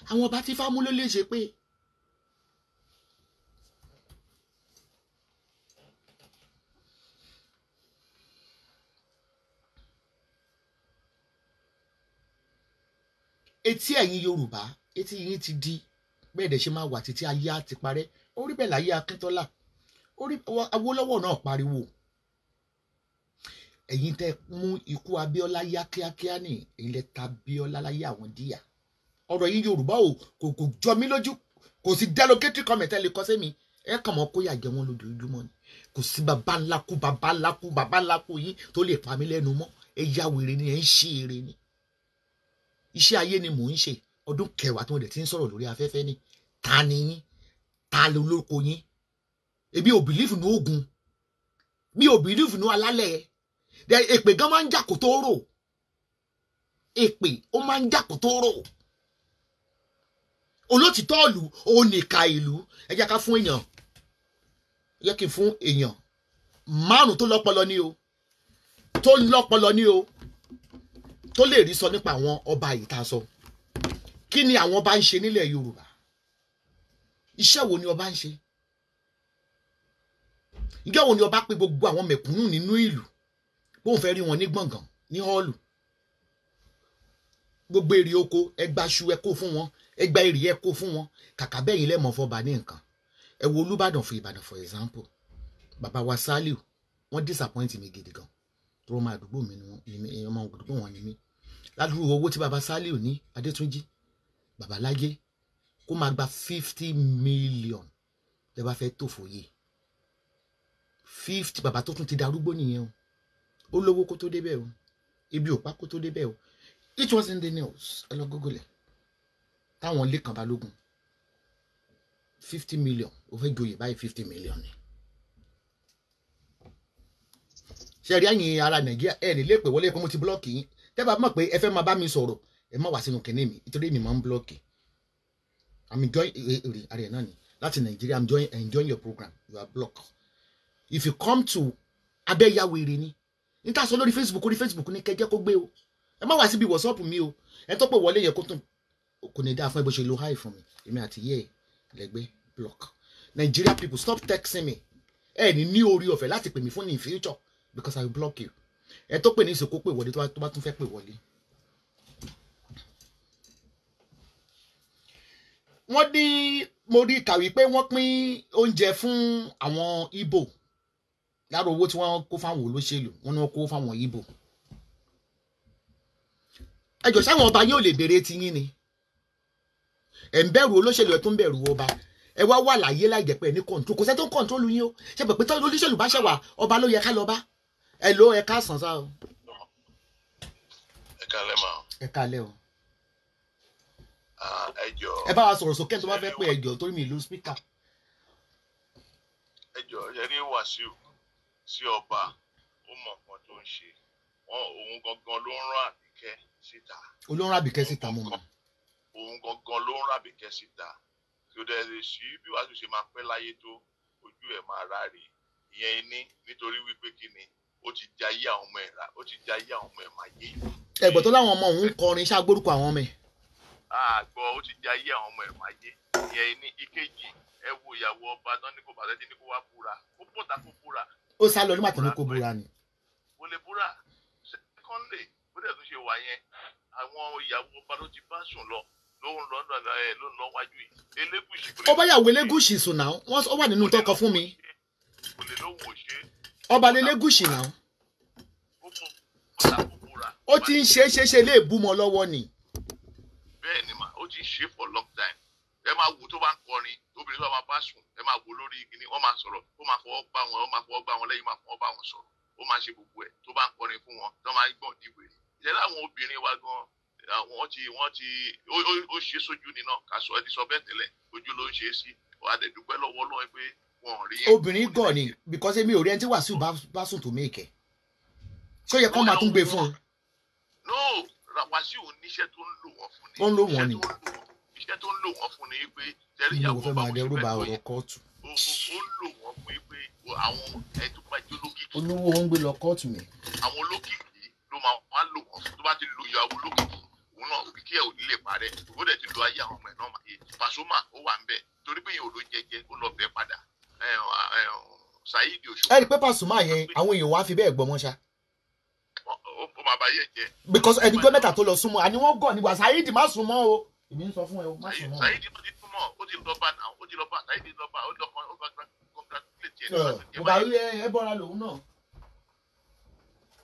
àwọn ọba tí ifá mú ló lè ṣépè. etí ẹ̀yin yorùbá etí yín ti di bẹ́ẹ̀ dẹ̀ ṣe máa wà títí ayé á ti parẹ́ ó rí bẹ́ẹ̀ láyé akíntọ́lá awólọ́wọ̀ náà pariwo ẹ̀yin tẹ́ mú ikú abíọ́lá yá kíákíá ní ilẹ̀ ta abíọ́lá láyé àwọn díà ọ̀rọ̀ yìí yorùbá o kò kò jọ mí lójú kò sí délókétì kọ́mẹ̀tẹ́ lè kọ́ sí mi ẹ kàn mọ́ kó yà jẹ wọn lójoojúmọ́ ni kò sí bàbá ńlá kú bàbá ńlá bàbá ńlá kú tó lè pa mí lẹ́nu mọ́ ẹ ya wèrè ni ẹ ń ṣe eré ni iṣẹ́ ayé ni mò ń ṣe ọdún kẹwàá tí mo ti ń sọ̀rọ̀ lórí afẹ́fẹ́ ni ta ni yín ta ló lóko yín èmi ò bìlífù ní ogun mi ò bìlífù ní alálẹ̀ èpè gan máa ń jà kó tó rò èpè ó máa ń jà kó tó rò olótìtọ́ ìlú òun nìka ìlú ẹ ká fún èèyàn yẹ kí n fún èèyàn márùn tó lọ́pọlọ ní o tó lọ́pọlọ ní o tó lè rí sọ nípa àwọn ọba yìí tá a sọ kí ni àwọn ọba ń ṣe nílẹ̀ Yorùbá iṣẹ́ wo ni ọba ń ṣe ǹjẹ́ wo ni ọba pè gbogbo àwọn mẹ̀kúnnù nínú ìlú bóun fẹ́ rí wọn ní gbọ̀ngàn ní họ́ọ̀lù gbogbo èrè oko ẹgbàṣu ẹ kó fún wọn ẹgbà èrè ẹ kó fún wọn kàkà bẹ́yìn lẹ́mọ̀ fọba ní nǹkan ẹ wo Olúbàdàn fún Ìbàdàn for example bàbá wa Sàlíù wọ́n disappoint mi gidi gan tó ọmọ àdúgbò mi ni wọ́n ọmọ àdúgbò wọn ni mí ládùúgbò owó tí bàbá Sàlíù ní Adétúnjí bàbá Lágé kó máa gba fifty million lẹ bá fẹ́ tó fòye fifty bàbá tó tún ti darúgbó nìyẹn o ó lówó kó tó débẹ̀ o ibi ò pa kó tó débẹ̀ o it was in the news ẹ lọ gógó lẹ̀ táwọn lé balógun fifty million ó fẹ́ joyè báyìí fifty million ni. ṣẹ̀rí àyìn ara nàìjíríà ẹ̀ nílé pé wọlé pé mo ti búlọ́ọ̀kì yín tẹ́ bá mọ̀ pé ẹ fẹ́ máa bá mi sọ̀rọ̀ ẹ má wá sínú kìnìún mi nítorí mi máa ń búlọ́ọ̀kì i'm enjoying èrè àrẹ náà ni láti nàìjíríà i'm enjoying, enjoying your program you are blocked if you come to abẹ́yàwó èrè ni níta sọ lórí facebook orí facebook ní kẹjẹ kó gbé o ẹ má wá síbi WhatsApp mi o ẹ tọ́pọ̀ wọlé yẹ kó tún kò ní dáa fún ẹ bó ṣe lo high fún mi èmi àti yẹ́ ẹ e, lẹ́gbẹ́ block nigeria people stop texting me ẹ ní ní orí ọ̀fẹ́ láti pè mí fún ní in future because i will block you ẹ tó pè ní ìsìnkú pè wọlé tó bá tún fẹ́ pè wọlé. wọ́n dín mo rí kà wípé wọ́n pín oúnjẹ fún àwọn Ìgbò lára owó tí wọ́n kó fáwọn olóṣèlú wọ́n ní wọ́n kó fáwọn Ìgbò ẹjọ sáwọn ọba yóò lè béèrè tiyín ni ẹ ń bẹ̀rù olóṣèlú ẹ tó ń bẹ̀rù ọba ẹ wá wà láyé láì jẹ́ pé ẹ ní kọńtró kò sẹ́ tó ń kọńtrólù yín o ṣe pé pé olóṣèlú bá ṣẹwà ọba ló yẹ ká lọ bá ẹ ló ẹ ká sàn sá o. ẹ kálẹ̀ ma. ẹ kálẹ̀ o ẹjọ. ẹ bá wa sọ̀rọ̀ sókè tó bá fẹ́ pé ẹjọ torí mi ìlú spíkà. ẹjọ ẹni Wàsíù sí ọba ó mọ nǹkan tó ń ṣe òun gangan ló ń rán Àbíkẹ́ síta. olóńrán Àbíkẹ́ síta mú mi. òun gangan ló ń rán Àbíkẹ́ síta kí o dẹ̀ lè sí bí Wàsíù ṣe máa pẹ́ láyé tó ojú ẹ̀ máa ráre ìyẹn ní nítorí wípé kí ni ó ti jayé àwọn ọmọ ẹ̀ máa yé. ẹ̀gbọ́n tó láwọn ọmọ òun kọrin ṣáà gbórúkọ àwọn ọmọ ẹ̀ àgbọ̀ ó ti di ayé àwọn ọmọ ẹ̀fọn ayé ìyẹn ní ìkejì ẹ wo ìyàwó ọba lọ́nìkó bàtẹ́ tí ní wá búra ó bọ̀tà kó búra. ó sá lọ nígbà tí búra ni. mo lè búra sẹ́kọ́ndé bó dẹ̀ tún ṣe wà yẹn àwọn ìyàwó ọba ló ti bá sùn lọ ló ń lọ ló ń lọ wájú yìí elégùsì. ọba yàwó elégùsì sùn náà wọ́n wà nínú tọkọ fún mi. kò lè ló wò ṣe. ọba elégùsì náà. ó ti ń ṣe é ṣe é ṣe lè ṣe for long time ẹ máa wo tó bá ń kọrin obìnrin tó bá máa bá sùn ẹ máa wo lórí gini wọ́n máa sọ̀rọ̀ ó máa fọwọ́ bá wọn ó máa fọwọ́ bá wọn lẹ́yìn máa fọwọ́ bá wọn sọ̀rọ̀ ó máa ṣe gbogbo ẹ̀ tó bá ń kọrin fún wọn tó máa ń gbọ̀n ní wèrè ìjẹ́ láwọn obìnrin wa gan wọ́n ti wọ́n ti ó ṣe sójú nínà kàṣọ ẹni sọ bẹ́ẹ̀ tẹ́lẹ̀ ojú ló ń ṣe é sí adẹ̀dúpẹ́ lọ́wọ́ lọ́wọ́ pé wọn ò rí ẹ̀. obìnrin gan ni because èmi ò rí ẹni tí Wàsíù bá sùn tó mí ìkẹ́ ṣó yẹ kó máa tún gbé fún un. no Wàsíù níṣẹ́ tó ń lò wọ́n fún ni. wọ́n lò wọ́n ni. iṣẹ́ tó ń lò wọ́n fún ni pé tẹ́lẹ̀ ìyàwó ọba òṣèlú ẹ̀ lóye ó lò wọ́n fún pé àwọn ẹ̀dùnmájú olókìkí. olówó ń gbé lọ kóòtù mi. àwọn olókìkí ló máa wá lò wọ́n fún tó bá ti lo ìyàwó olókìkí òun náà kí ẹ ò ní lè parẹ́ ó dẹ̀ ti lo ayé àwọn ọmọ ẹ̀ náà máa eh, yé Pasuma ó wà ń bẹ̀ torí pé yẹn ò ló jẹjẹ ó lọ bẹ́ẹ̀ padà Saheed Òṣùpá. ẹ rí pé Pasuma yẹn àwọn èèyàn wá fi bẹ́ẹ̀ gbọmọ ṣá ó máa bá yẹ jẹ. because ẹdíjọ́ mẹ́ta tó lọ súnmọ́ àní wọ́n gọ̀ nígbà Saheed má súnmọ́ o èmi ń sọ fún ẹ o má súnmọ́. Saheed ó ti súnmọ́ ó ti lọ́ba náà ó ti lọ́ba Saheed lọ́ba ó lọ́kọ́ ó bá congratulate ẹ̀ nígbà tó jẹ́ báyìí. ẹ bọ́ra lòun náà.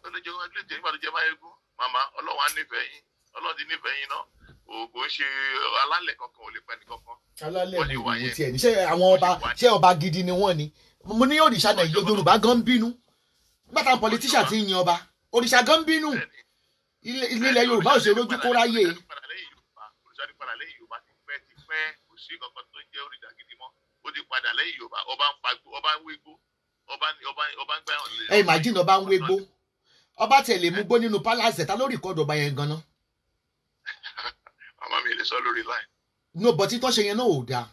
ó lè jẹ́ congratulate nígbà tó jẹ́ báyìí gún màmá ọlọ́wọ́n á nífẹ̀ẹ́ yín ọlọ́run ti nífẹ̀ẹ́ yín náà ògùn ṣe alálẹ̀ kankan ò lè pẹ́ ní kankan. alálẹ̀ ni ìwò tiẹ̀ ní ṣé àwọn ọba ṣé ọba gidi ni wọ́n ni mo ní òrìṣà nàìjíríà yorùbá gan bínú gbàtà politician ti ń yan ọba òrìṣà gan bínú ilẹ̀ yorùbá ò ṣe lójú kó ráyè. òrìṣà ti padà lẹ́yìn yorùbá ti pẹ́ ti pẹ́ kò sí kankan tó jẹ́ òrìṣà gidi mọ́ ó ti padà lẹ́yìn yorùbá ọba ń fagbó ọba ń wégbó ọba ń gbẹ́ ọ̀lẹ́. ẹ imagine ọba ń wégbó ọba tẹ̀lé mú gbó nínú palace ta lórí ìkọdọ̀ ọba yẹn ganan. màmá mi lè sọ lórí line. no bọ́tí tó ṣe yẹn náà ò dáa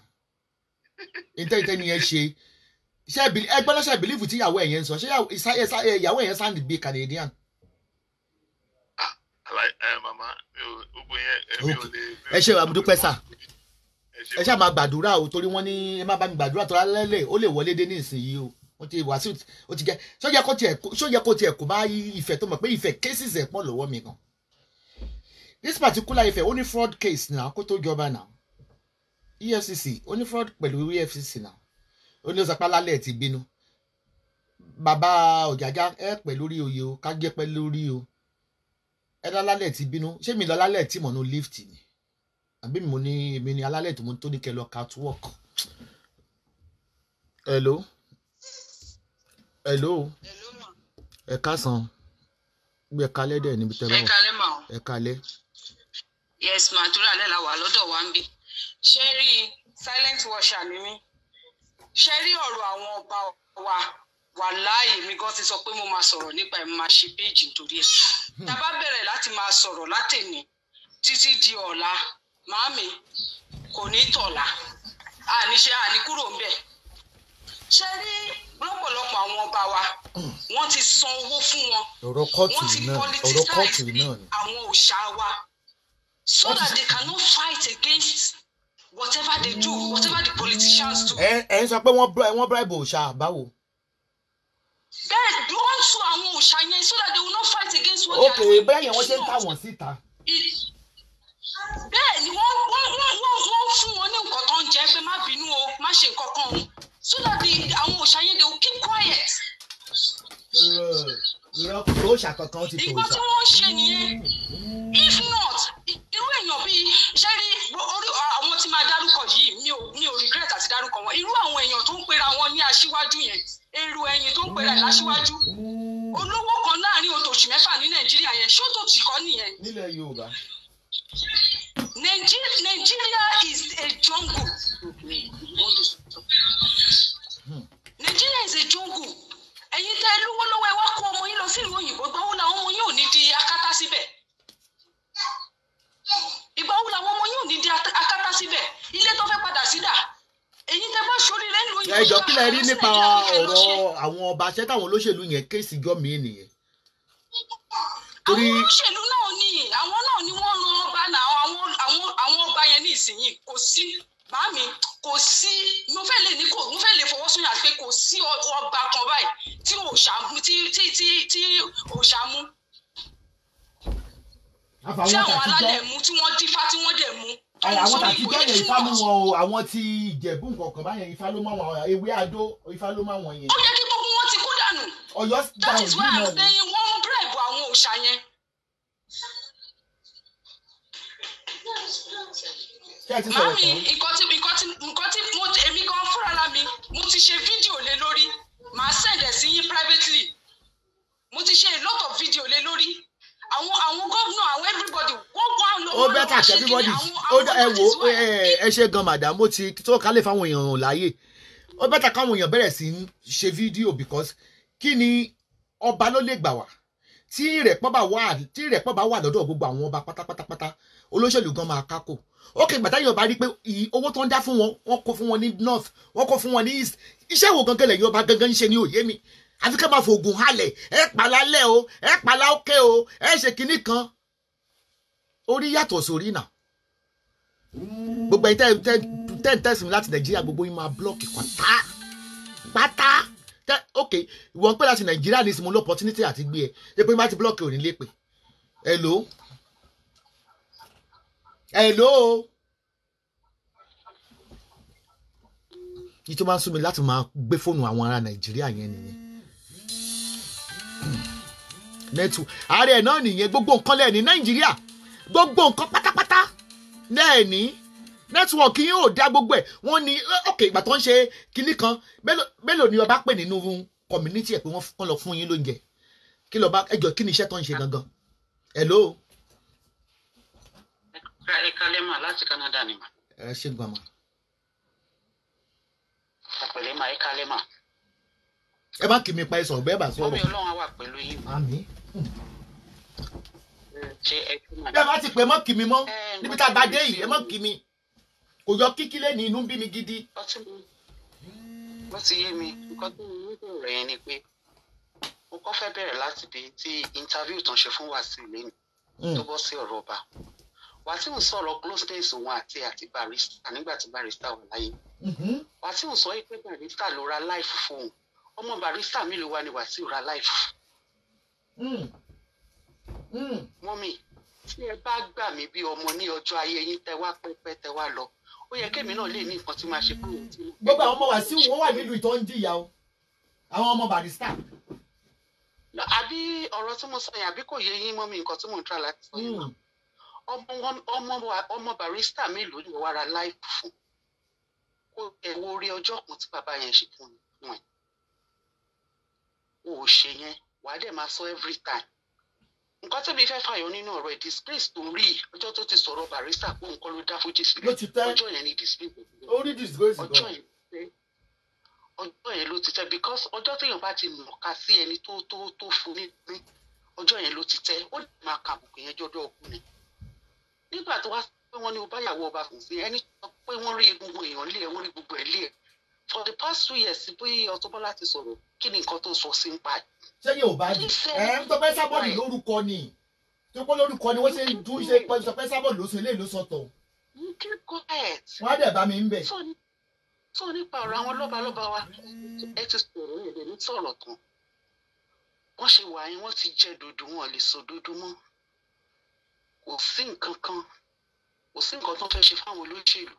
ìtẹ́ìtẹ́ ni yẹn ṣe ṣe ẹgbẹ́ lọ́sẹ̀ bìlífù tí ìyàwó ẹ̀ yẹn ń sọ ṣé ìyàwó ẹ̀ yẹn sound bíi Canadian. Eh, eh, ẹ ṣe àmúdúpẹ́ sà ẹ ṣáà máa gbàdúrà o torí wọ́n ní ẹ má bá mi gbàdúrà tó lálẹ́ ó lè wọlé dé ní ìsinyìí o wọ́n ti wàásù ó ti jẹ́ sọ́jà kó tiẹ̀ sọ́jà kó tiẹ̀ kó bá ìfẹ́ tó mọ̀ pé ìfẹ́ cases ẹ̀ pọ̀ lọ́wọ́ mi gan this particular ìfẹ́ ó ní fraud case náà kó tó jọba náà EFCC ó ní fraud pẹ̀lú EFCC náà ó ní ọ̀sán pálálẹ̀ ti bínú bàbá ọ̀jàjà ẹ pẹ̀ lórí oyè o ká jẹ́ pẹ́ lórí o ẹ lálálẹ̀ ti bínú ṣé mi lálálẹ̀ tí mò nu lift ni àbí mo ní èmi ni alálẹ̀ tó mo tó ní kẹ lọ catwalk. hello hello ẹ kásán gbé ẹ kalẹ̀ níbi tẹ́ bá wà ẹ yes ma àtúrà alẹ́ la wà lọ́dọ̀ wa ń bí ṣé rí silent watcher ni mí ṣé rí ọ̀rọ̀ àwọn ọba wa wàláì mi gan ti sọ pé mo máa sọ̀rọ̀ nípa ẹ̀ máa ṣe péèjì nítorí ẹ̀ tá a bá bẹ̀rẹ̀ láti máa sọ̀rọ̀ látẹ̀ni títí di ọ̀la màámi kò ní tọ̀la àníṣe àníkúrò ń bẹ̀ ṣe rí lọ́pọ̀lọpọ̀ àwọn ọba wa wọ́n ti san owó fún wọn wọ́n ti politicize àwọn òòṣà wa so that they cannot fight against whatever they do whatever the politicians do. ẹ ẹ sọ pé wọ́n bribe òòṣà báwo bẹ́ẹ̀ bí wọ́n àwọn òòṣà yẹn so that they will not fight against what okay, they are doing. ok bẹ́ẹ̀ yẹn wọ́n ṣe ń ta wọ́n síta. bẹ́ẹ̀ ni wọ́n wọ́n wọ́n fún wọn ní nǹkan tó ń jẹ́ pé má bínú o má ṣe nǹkan kan o so that àwọn òòṣà yẹn they will keep quiet. ìrọ̀ kò tó òòṣà kankan ó ti tó òòṣà. ìgbà tí wọ́n ṣe nìyẹn if not irú èèyàn bíi ṣé rí orí àwọn tí máa dárúkọ yìí mi ò mi ò regret àti dárúkọ wọn irú àwọn èèyàn tó ń pera wọn ní aṣíwájú yẹn èrò ẹ̀yìn tó ń pera ẹ̀ láṣíwájú olówó kan láàrin òtòṣì mẹ́fà ní nàìjíríà yẹn ṣótò tì kọ́ nìyẹn. nílẹ̀ yorùbá. Nigeria is a jungle. Hmm. Nigeria is a jungle. ẹ̀yin tẹ́ ẹ lówó lọ́wọ́ ẹ wá kó ọmọ yín lọ sí ìlú òyìnbó gbọ́wọ́ làwọn ọmọ yín ò ní di akátá síbẹ̀ ìgbà wo làwọn ọmọ yín ní di akátá síbẹ̀ ilé tó fẹ́ padà sí dà èyí tẹ bá sórí rẹ lóyún. ẹ jọ kílẹ̀ rí nípa ọ̀rọ̀ àwọn ọba ṣẹ́ táwọn olóṣèlú yẹn ké sí gọ́ọ̀mì nìyẹn. àwọn olóṣèlú náà ni àwọn náà ni wọ́n ran ọba náà àwọn ọba yẹn ní ìsinyìí kò sí màámi kò sí mo fẹ́ lè ní kò mo fẹ́ lè fọwọ́sọyà pé kò sí ọba kan báyìí tí òṣàmú tí tí àwọn alálẹ̀ mú tí wọ́n dífá tí wọ́n dẹ̀ mú àwọn àti bẹ́ẹ̀ ifá mú wọn o àwọn ti ìjẹ̀bú nǹkan báyẹn ifá ló mọ àwọn ewé adó ifá ló mọ àwọn yẹn. ó jẹ́ kí gbogbo wọn ti kú dànù. ọ̀yọ́ dáhùn yìí náà ni. that is why i'm saying wọ́n ń bẹ̀rẹ̀bù àwọn òòṣà yẹn. mami nǹkan tí nǹkan tí nǹkan tí èmi gan fúnra mi mo ti ṣe fídíò lé lórí màá sẹ̀dẹ̀ sí yín private. attack everybody ẹ wo ẹ ṣe gan madam mo ti tó kálẹ̀ fáwọn èèyàn láàyè ó bẹ́tà káwọn èèyàn bẹ̀rẹ̀ sí í ṣe fídíò because kí ni ọba ló lè gbà wá tí ìrẹ̀pọ̀ bá wà tí ìrẹ̀pọ̀ bá wà lọ́dọ̀ gbogbo àwọn ọba pátápátápátá olóṣèlú gan máa kákò ókè gbàtà yóò bá rí pé owó tó ń dá fún wọn wọn kó fún wọn ní north wọn kó fún wọn ní east iṣẹ́ wo gangan lẹ́yìn ọba gangan ń ṣe ní òye mi àfi ká máa fògùn halẹ̀ ẹ pàlálẹ̀ o ẹ pàlá òkè o ẹ ṣe kinní kan orí yàtọ̀ sórí náà gbogbo ẹ̀yin tẹ́ǹ tẹ̀sí mi láti nàìjíríà gbogbo yín máa blọ́ọ̀kì pátá pátá tẹ́ ok ìwọ̀n pé láti nàìjíríà ní ìsinmi opportunity àti gbé ẹ ṣe pé má ti blọ́ọ̀kì ò ní lépè hello hello yìí tó máa ń sún mi láti máa gbé fóònù àwọn ará nàìjíríà yẹn nìyẹn hmm. nẹ́tù ààrẹ náà nìyẹn gbogbo nǹkan lẹ́ẹ̀ ní nàìjíríà gbogbo nǹkan pátápátá náà ní nẹ́tíwọ̀kì yín ò dá gbogbo ẹ̀ wọ́n ní ok ìgbà tó ń ṣe kinní kan mélòó ni ọba pè nínú community ẹ̀ pé wọ́n lọ fún yín lóúnjẹ kí lọ́ba ẹjọ́ kí ni iṣẹ́ tó ń ṣe gangan hello. ẹ kalẹ́ mà láti Canada ni mà. ẹ ṣe gbọ́n mà. ọ̀pẹ̀lẹ̀ mà ẹ kalẹ́ mà. ẹ má kì mí pa ẹ sọ̀rọ̀ bẹ́ẹ̀ bá sọ̀rọ̀. ọmọ Ọlọ́run wà pẹ̀lú yín bẹ́ẹ̀ bá ti pè mọ́ kì mí mọ́ níbi tá a bá dé yìí ẹ mọ́ kì mí kò yọ kíkí lé ní inú bí mi gidi. bó ti yé mi nǹkan tó ń lò rẹ̀ yẹn ni pé mo kọ́ fẹ́ bẹ̀rẹ̀ láti bi tí interview tán ṣe fún Wàsíù lẹ́nu hmm. tó bọ́ sí ọ̀rọ̀ ọba Wàsíù sọ̀rọ̀ closeness òun àti àti barista nígbà tí barista wà láyé mm-hmm. Wàsíù sọ pé barista ló ra life fóun ọmọ barista mi ló wà ní Wàsíù ra life. Mm. Hmm. mọ́mì tí ẹ bá gbà mí bí ọmọ ní ọjọ́ ayé yín tẹ wá pẹ́pẹ́ tẹ wá lọ ó yẹ kémi náà lè ní nǹkan tí máa ṣe fún mi. gbogbo àwọn ọmọ wa sí wọn wà nílùú ìtọ́ ń jìyà o àwọn ọmọ barista. àbí ọ̀rọ̀ tí mo sọ yẹn àbí kò yé yín mọ́mì nǹkan tí mò ń tra láti sọ yẹn hmm. ọmọ barista mélòó ni wàá ra láìpù fún kó ẹ̀wọ̀ orí ọjọ́ kan tí bàbá yẹn ṣe fún ẹ o ò ṣe yẹn wàá dẹ̀ máa sọ every time nǹkan tẹ́mi fẹ́ fàyọ nínú ọ̀rọ̀ ẹ̀ disgrace tó ń rí ọjọ́ tó ti sọ̀rọ̀ barista kó nǹkan ló dá fújì sílẹ̀ ọjọ́ yẹn ni disgrace ó rí disgrace gan ọjọ́ yẹn ọjọ́ yẹn ló ti tẹ́ because ọjọ́ téèyàn bá ti mọ̀ọ́ká sí ẹni tó tó tó fún ní ọjọ́ yẹn ló ti tẹ́ ó lè máa kà bùkún yẹn jọ́dọ̀ ọkùnrin nígbà tó wá pé wọ́n ní o báyàwó ọba kò sí ẹni tó pé wọ́n rí gbogbo èèyàn lé ẹ̀ wọ́n rí gbogbo ẹ̀ lé ẹ̀ for the past two years bí Auto Bola ti sọ̀rọ̀ kí ni nǹkan tó sọ sí ń pa ẹ̀ ṣé yóò bá jù ẹ ń tọpẹ sábọọdù lórúkọ ni tó pé lórúkọ ni wọ́n ṣe ń tún ṣe tọpẹ sábọọdù lóṣù eléyìí ló sọtọ. wọ́n á dẹ̀ bá mi ń bẹ̀. sọ nípa ọ̀rọ̀ àwọn lọ́balọ́ba wa ẹ ti sọ̀rọ̀ èdè ní sọ̀rọ̀ kan wọ́n ṣe wà yín wọ́n ti jẹ dòdò wọn lè sọ dòdò mọ́ kò sí nǹkan kan kò sí nǹkan tó fẹ́ ṣe fáwọn olóṣèlú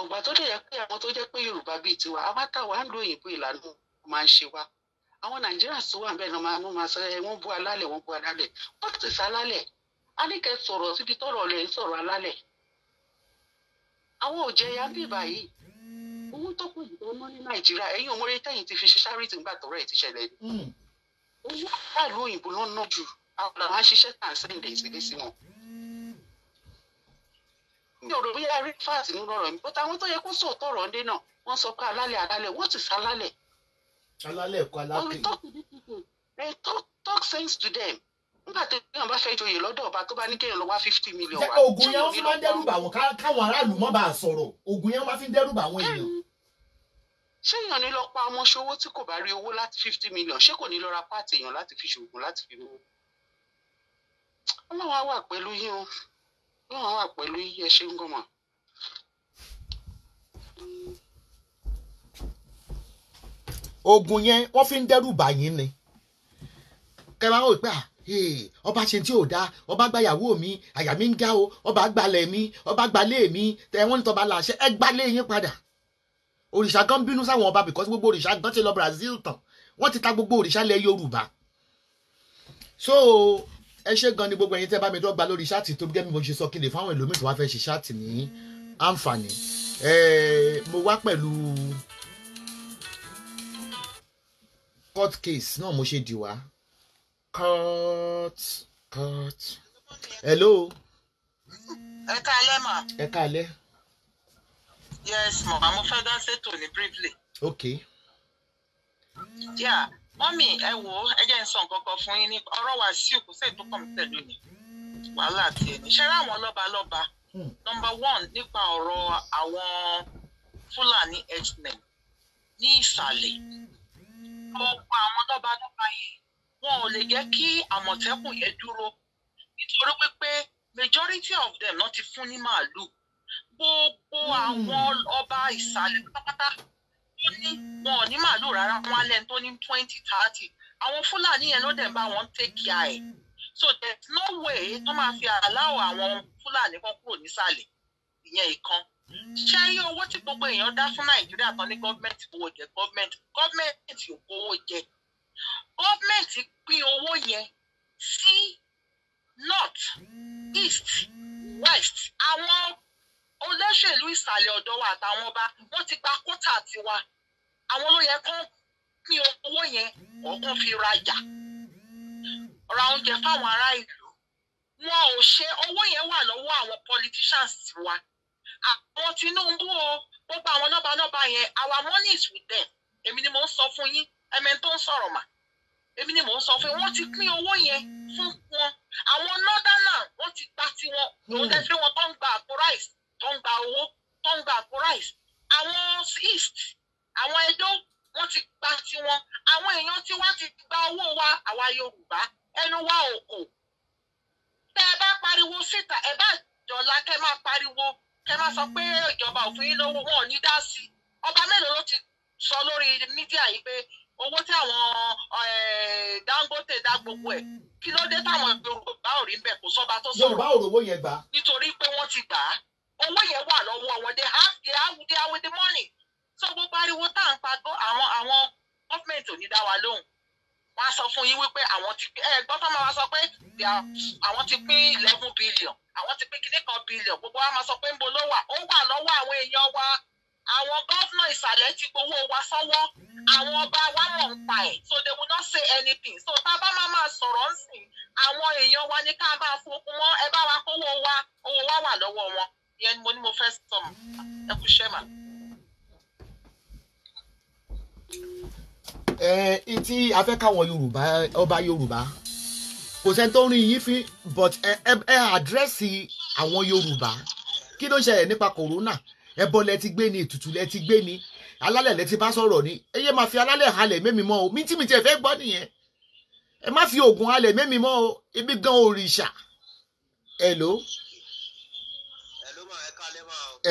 ọ̀gbà tó dẹ̀ yẹ pé àwọn tó jẹ́ pé Yorùbá bíi tiwa àwa táwa ń lo òyìnbó ìlànà máa ń ṣe wa àwọn nàìjíríà tó wà bẹ́ẹ̀ náà ló máa sọ ẹ wọ́n bú alálẹ̀ wọ́n bú alálẹ̀ wọ́n ti sálálẹ̀ aníkẹ́ sọ̀rọ̀ síbi tọ́rọ̀ rẹ̀ ń sọ̀rọ̀ alálẹ̀ àwọn òjẹ̀yà bíi báyìí owó tó kù jù lọ ní nàìjíríà ẹ̀yin òmòrè tẹ̀yìn ti fi ṣe ṣáríìtì nígbà tọ́rọ̀ ẹ̀ ti ṣẹlẹ̀ ni hmm. owó àlù òyìnbó ló ná jù àwọn làwọn ṣiṣẹ́ tà ń sẹ́yìn lẹ́sílẹ̀ sí wọn. mi ò rò bí arí fáàtì nínú ọ̀rọ̀ mi bó táwọn tó yẹ kó sòótọ́ ọ̀rọ̀ ń náà wọ́n sọ pé alálẹ̀ alálẹ̀ wọ́n ti sálálẹ̀ alálẹ̀ ẹ̀kọ́ alákè. talk sense to them nígbà tó yàn bá fẹ́ joyè lọ́dọ̀ ọba tó bá ní kéèyàn lọ fifty million wá. oògùn yẹn wọ́n fi máa ń dẹ́rù bà wọ́n káwọn aráàlú mọ́ bá a sọ̀rọ̀ oògùn yẹn wọ́n máa fi ń dẹ́rù bà wọ́n èèyàn. ṣé èèyàn ní lọ pa ọmọ ṣòwò tí kò bá rí owó láti fifty million ṣé kò ní lọ ra páàtì èèyàn láti fi ṣoògùn láti fi owó. ọlọ́run á wà pẹ̀lú yín o ọlọ́run wà pẹ̀lú yín ẹ ṣeun gan-an. ogun yẹn wọ́n fi ń dẹ́rù bà yín ni kẹ́ máa ń wò pé à ah, eh, ọba ṣe tí ò da ọba gbàyàwó mi àyà mi ń ga o ọba gbalẹ̀ mi ọba gbalẹ̀ mi tẹ wọ́n làṣẹ ẹ gbalẹ̀ yín padà òrìṣà gan bínú sáwọn ọba because gbogbo òrìṣà gan ti lọ Brazil tán wọ́n ti ta gbogbo òrìṣà lẹ̀ Yorùbá so ẹ ṣe gan ni gbogbo ẹ̀yin tẹ́ bá mi dọ́gba lórí ṣáàtì tó gẹ́gẹ́ bí mo ṣe sọ kí n lè fáwọn ẹlòmíì tó wá fẹ́ ṣe ṣáàtì ní àǹfààní mo wá pẹ̀lú court case náà mo ṣe dì wá court court hello. ẹ káalẹ́ mà. ẹ káalẹ́. yes mo àmọ́ fẹ́ dá ṣètò ní briefly. ok. yà mọ́mì ẹ wò ó ẹ jẹ́ ń sọ nǹkan kan fún yín ní ọ̀rọ̀ Wàsíù kò sí ètò kọ̀m̀pútà lónìí wàhálà tiẹ̀ ní ṣẹ́rẹ́ àwọn lọ́balọ́ba hmm. nọ́mbà one nípa ọ̀rọ̀ àwọn Fúlàní herdsmen ní ìsàlẹ̀ gbogbo àwọn tó yìí wọn ò lè jẹ́ kí àmọ̀tẹ́kùn yẹn dúró nítorí wípé majority of them ló ti fún ní màálù gbogbo hmm. àwọn ọba ìsàlẹ̀ pátápátá ó ní wọn ò ní màálù rárá wọn alẹ́ tó ní twenty thirty àwọn fúlàní yẹn ló dẹ̀ bá wọn take care so there's no way tó máa fi àláwọ̀ àwọn fúlàní kan kúrò nísàlẹ̀ ìyẹn ìkan ṣé ayé owó tí gbogbo èèyàn dá fún nàìjíríà tán ní gọ́ọ̀mẹ̀ntì kówó jẹ gọ́ọ̀mẹ̀ntì gọ́ọ̀mẹ̀ntì ò kówó jẹ gọ́ọ̀mẹ̀ntì pín owó yẹn sí north east west àwọn olóṣèlú ìsàlẹ̀ ọ̀dọ́ wa àtàwọn ọba wọ́n ti gba kótà tiwa àwọn ló yẹ kán pín owó yẹn ọ̀kan fi rajà ra oúnjẹ fáwọn ará ìlú wọn ò ṣe owó yẹn wà lọ́wọ́ àwọn politicians tiwa àwọn ah, Tinubu o gbogbo àwọn nọ́bànọ́bà yẹn our money is with them èmi ni mò ń sọ fún yín ẹmẹ tó ń sọ̀rọ̀ mà èmi ni mò ń sọ fún yín wọ́n ti pín owó yẹn fún wọn àwọn nọ́dánà wọ́n ti gba tiwọn hmm. òun tẹ́ fi wọn tó ń gba àpò rice tó ń gba owó tó ń gba àpò rice àwọn east àwọn Edo wọ́n ti gba tiwọn àwọn èèyàn tí wọ́n ti gba owó wa àwa Yorùbá ẹnu wa ò kò tẹ́ ẹ bá pariwo síta ẹ bá jọ̀la kẹ́ máa pariwo kẹ máa sọ pé ìjọba òfin lówó wọn ò ní dá sí i ọba mélòó ló ti sọ lórí mídíà yìí pé owó tí àwọn Dangote dá gbogbo ẹ̀ kí ló dé táwọn Yorùbá ò rí bẹ́ẹ̀ kò sọba tó sọ̀rọ̀ Yorùbá ò rówó yẹn gbà. nítorí pé wọ́n ti gbà á owó yẹn wà lọ́wọ́ wọn they have they have they have the money so gbogbo ariwo tá à ń pa àwọn àwọn gọ́fìmẹ̀ntì ò ní dá wa lóhùn wọ́n sọ fún yín wípé àwọn ti pín ẹ gbọ́dọ̀ máa sọ pé àwọn ti pín eleven billion àwọn ti pín kíní kan billion gbogbo wa máa sọ pé ń bo ló wà ó wà lọ́wọ́ àwọn èèyàn wa àwọn gọ́fúnà ìsàlẹ̀ ti gbowó wa sọ́wọ́ àwọn ọba wa mọ̀ ń pa ẹ̀ so they will not say anything so tá a bá máa máa sọ̀rọ̀ ń sìn àwọn èèyàn wa ní ká máa fokun mọ́ ẹ bá wa kówó wa owó wa wà lọ́wọ́ wọn ìyẹn mo ní mo fẹ́ sọ ẹ kú ṣẹ́ màá ẹ tí afẹ́káwọn yorùbá ọba yorùbá kò sẹ́ni tó ń rí yín fín but ẹ àdírẹ́sì àwọn yorùbá kí ló ń ṣẹlẹ̀ nípa corona ẹbọ lẹ ti gbé ni ètùtù lẹ ti gbé ni alálẹ̀ lẹ ti bá sọ̀rọ̀ ni ẹ yẹ máa fi alálẹ̀ halẹ̀ mẹ́mi mọ́ o mítìmítì ẹ fẹ́ gbọ́ nìyẹn ẹ má fi oògùn halẹ̀ mẹ́mi mọ́ o ibi gan òrìṣà ẹ ló.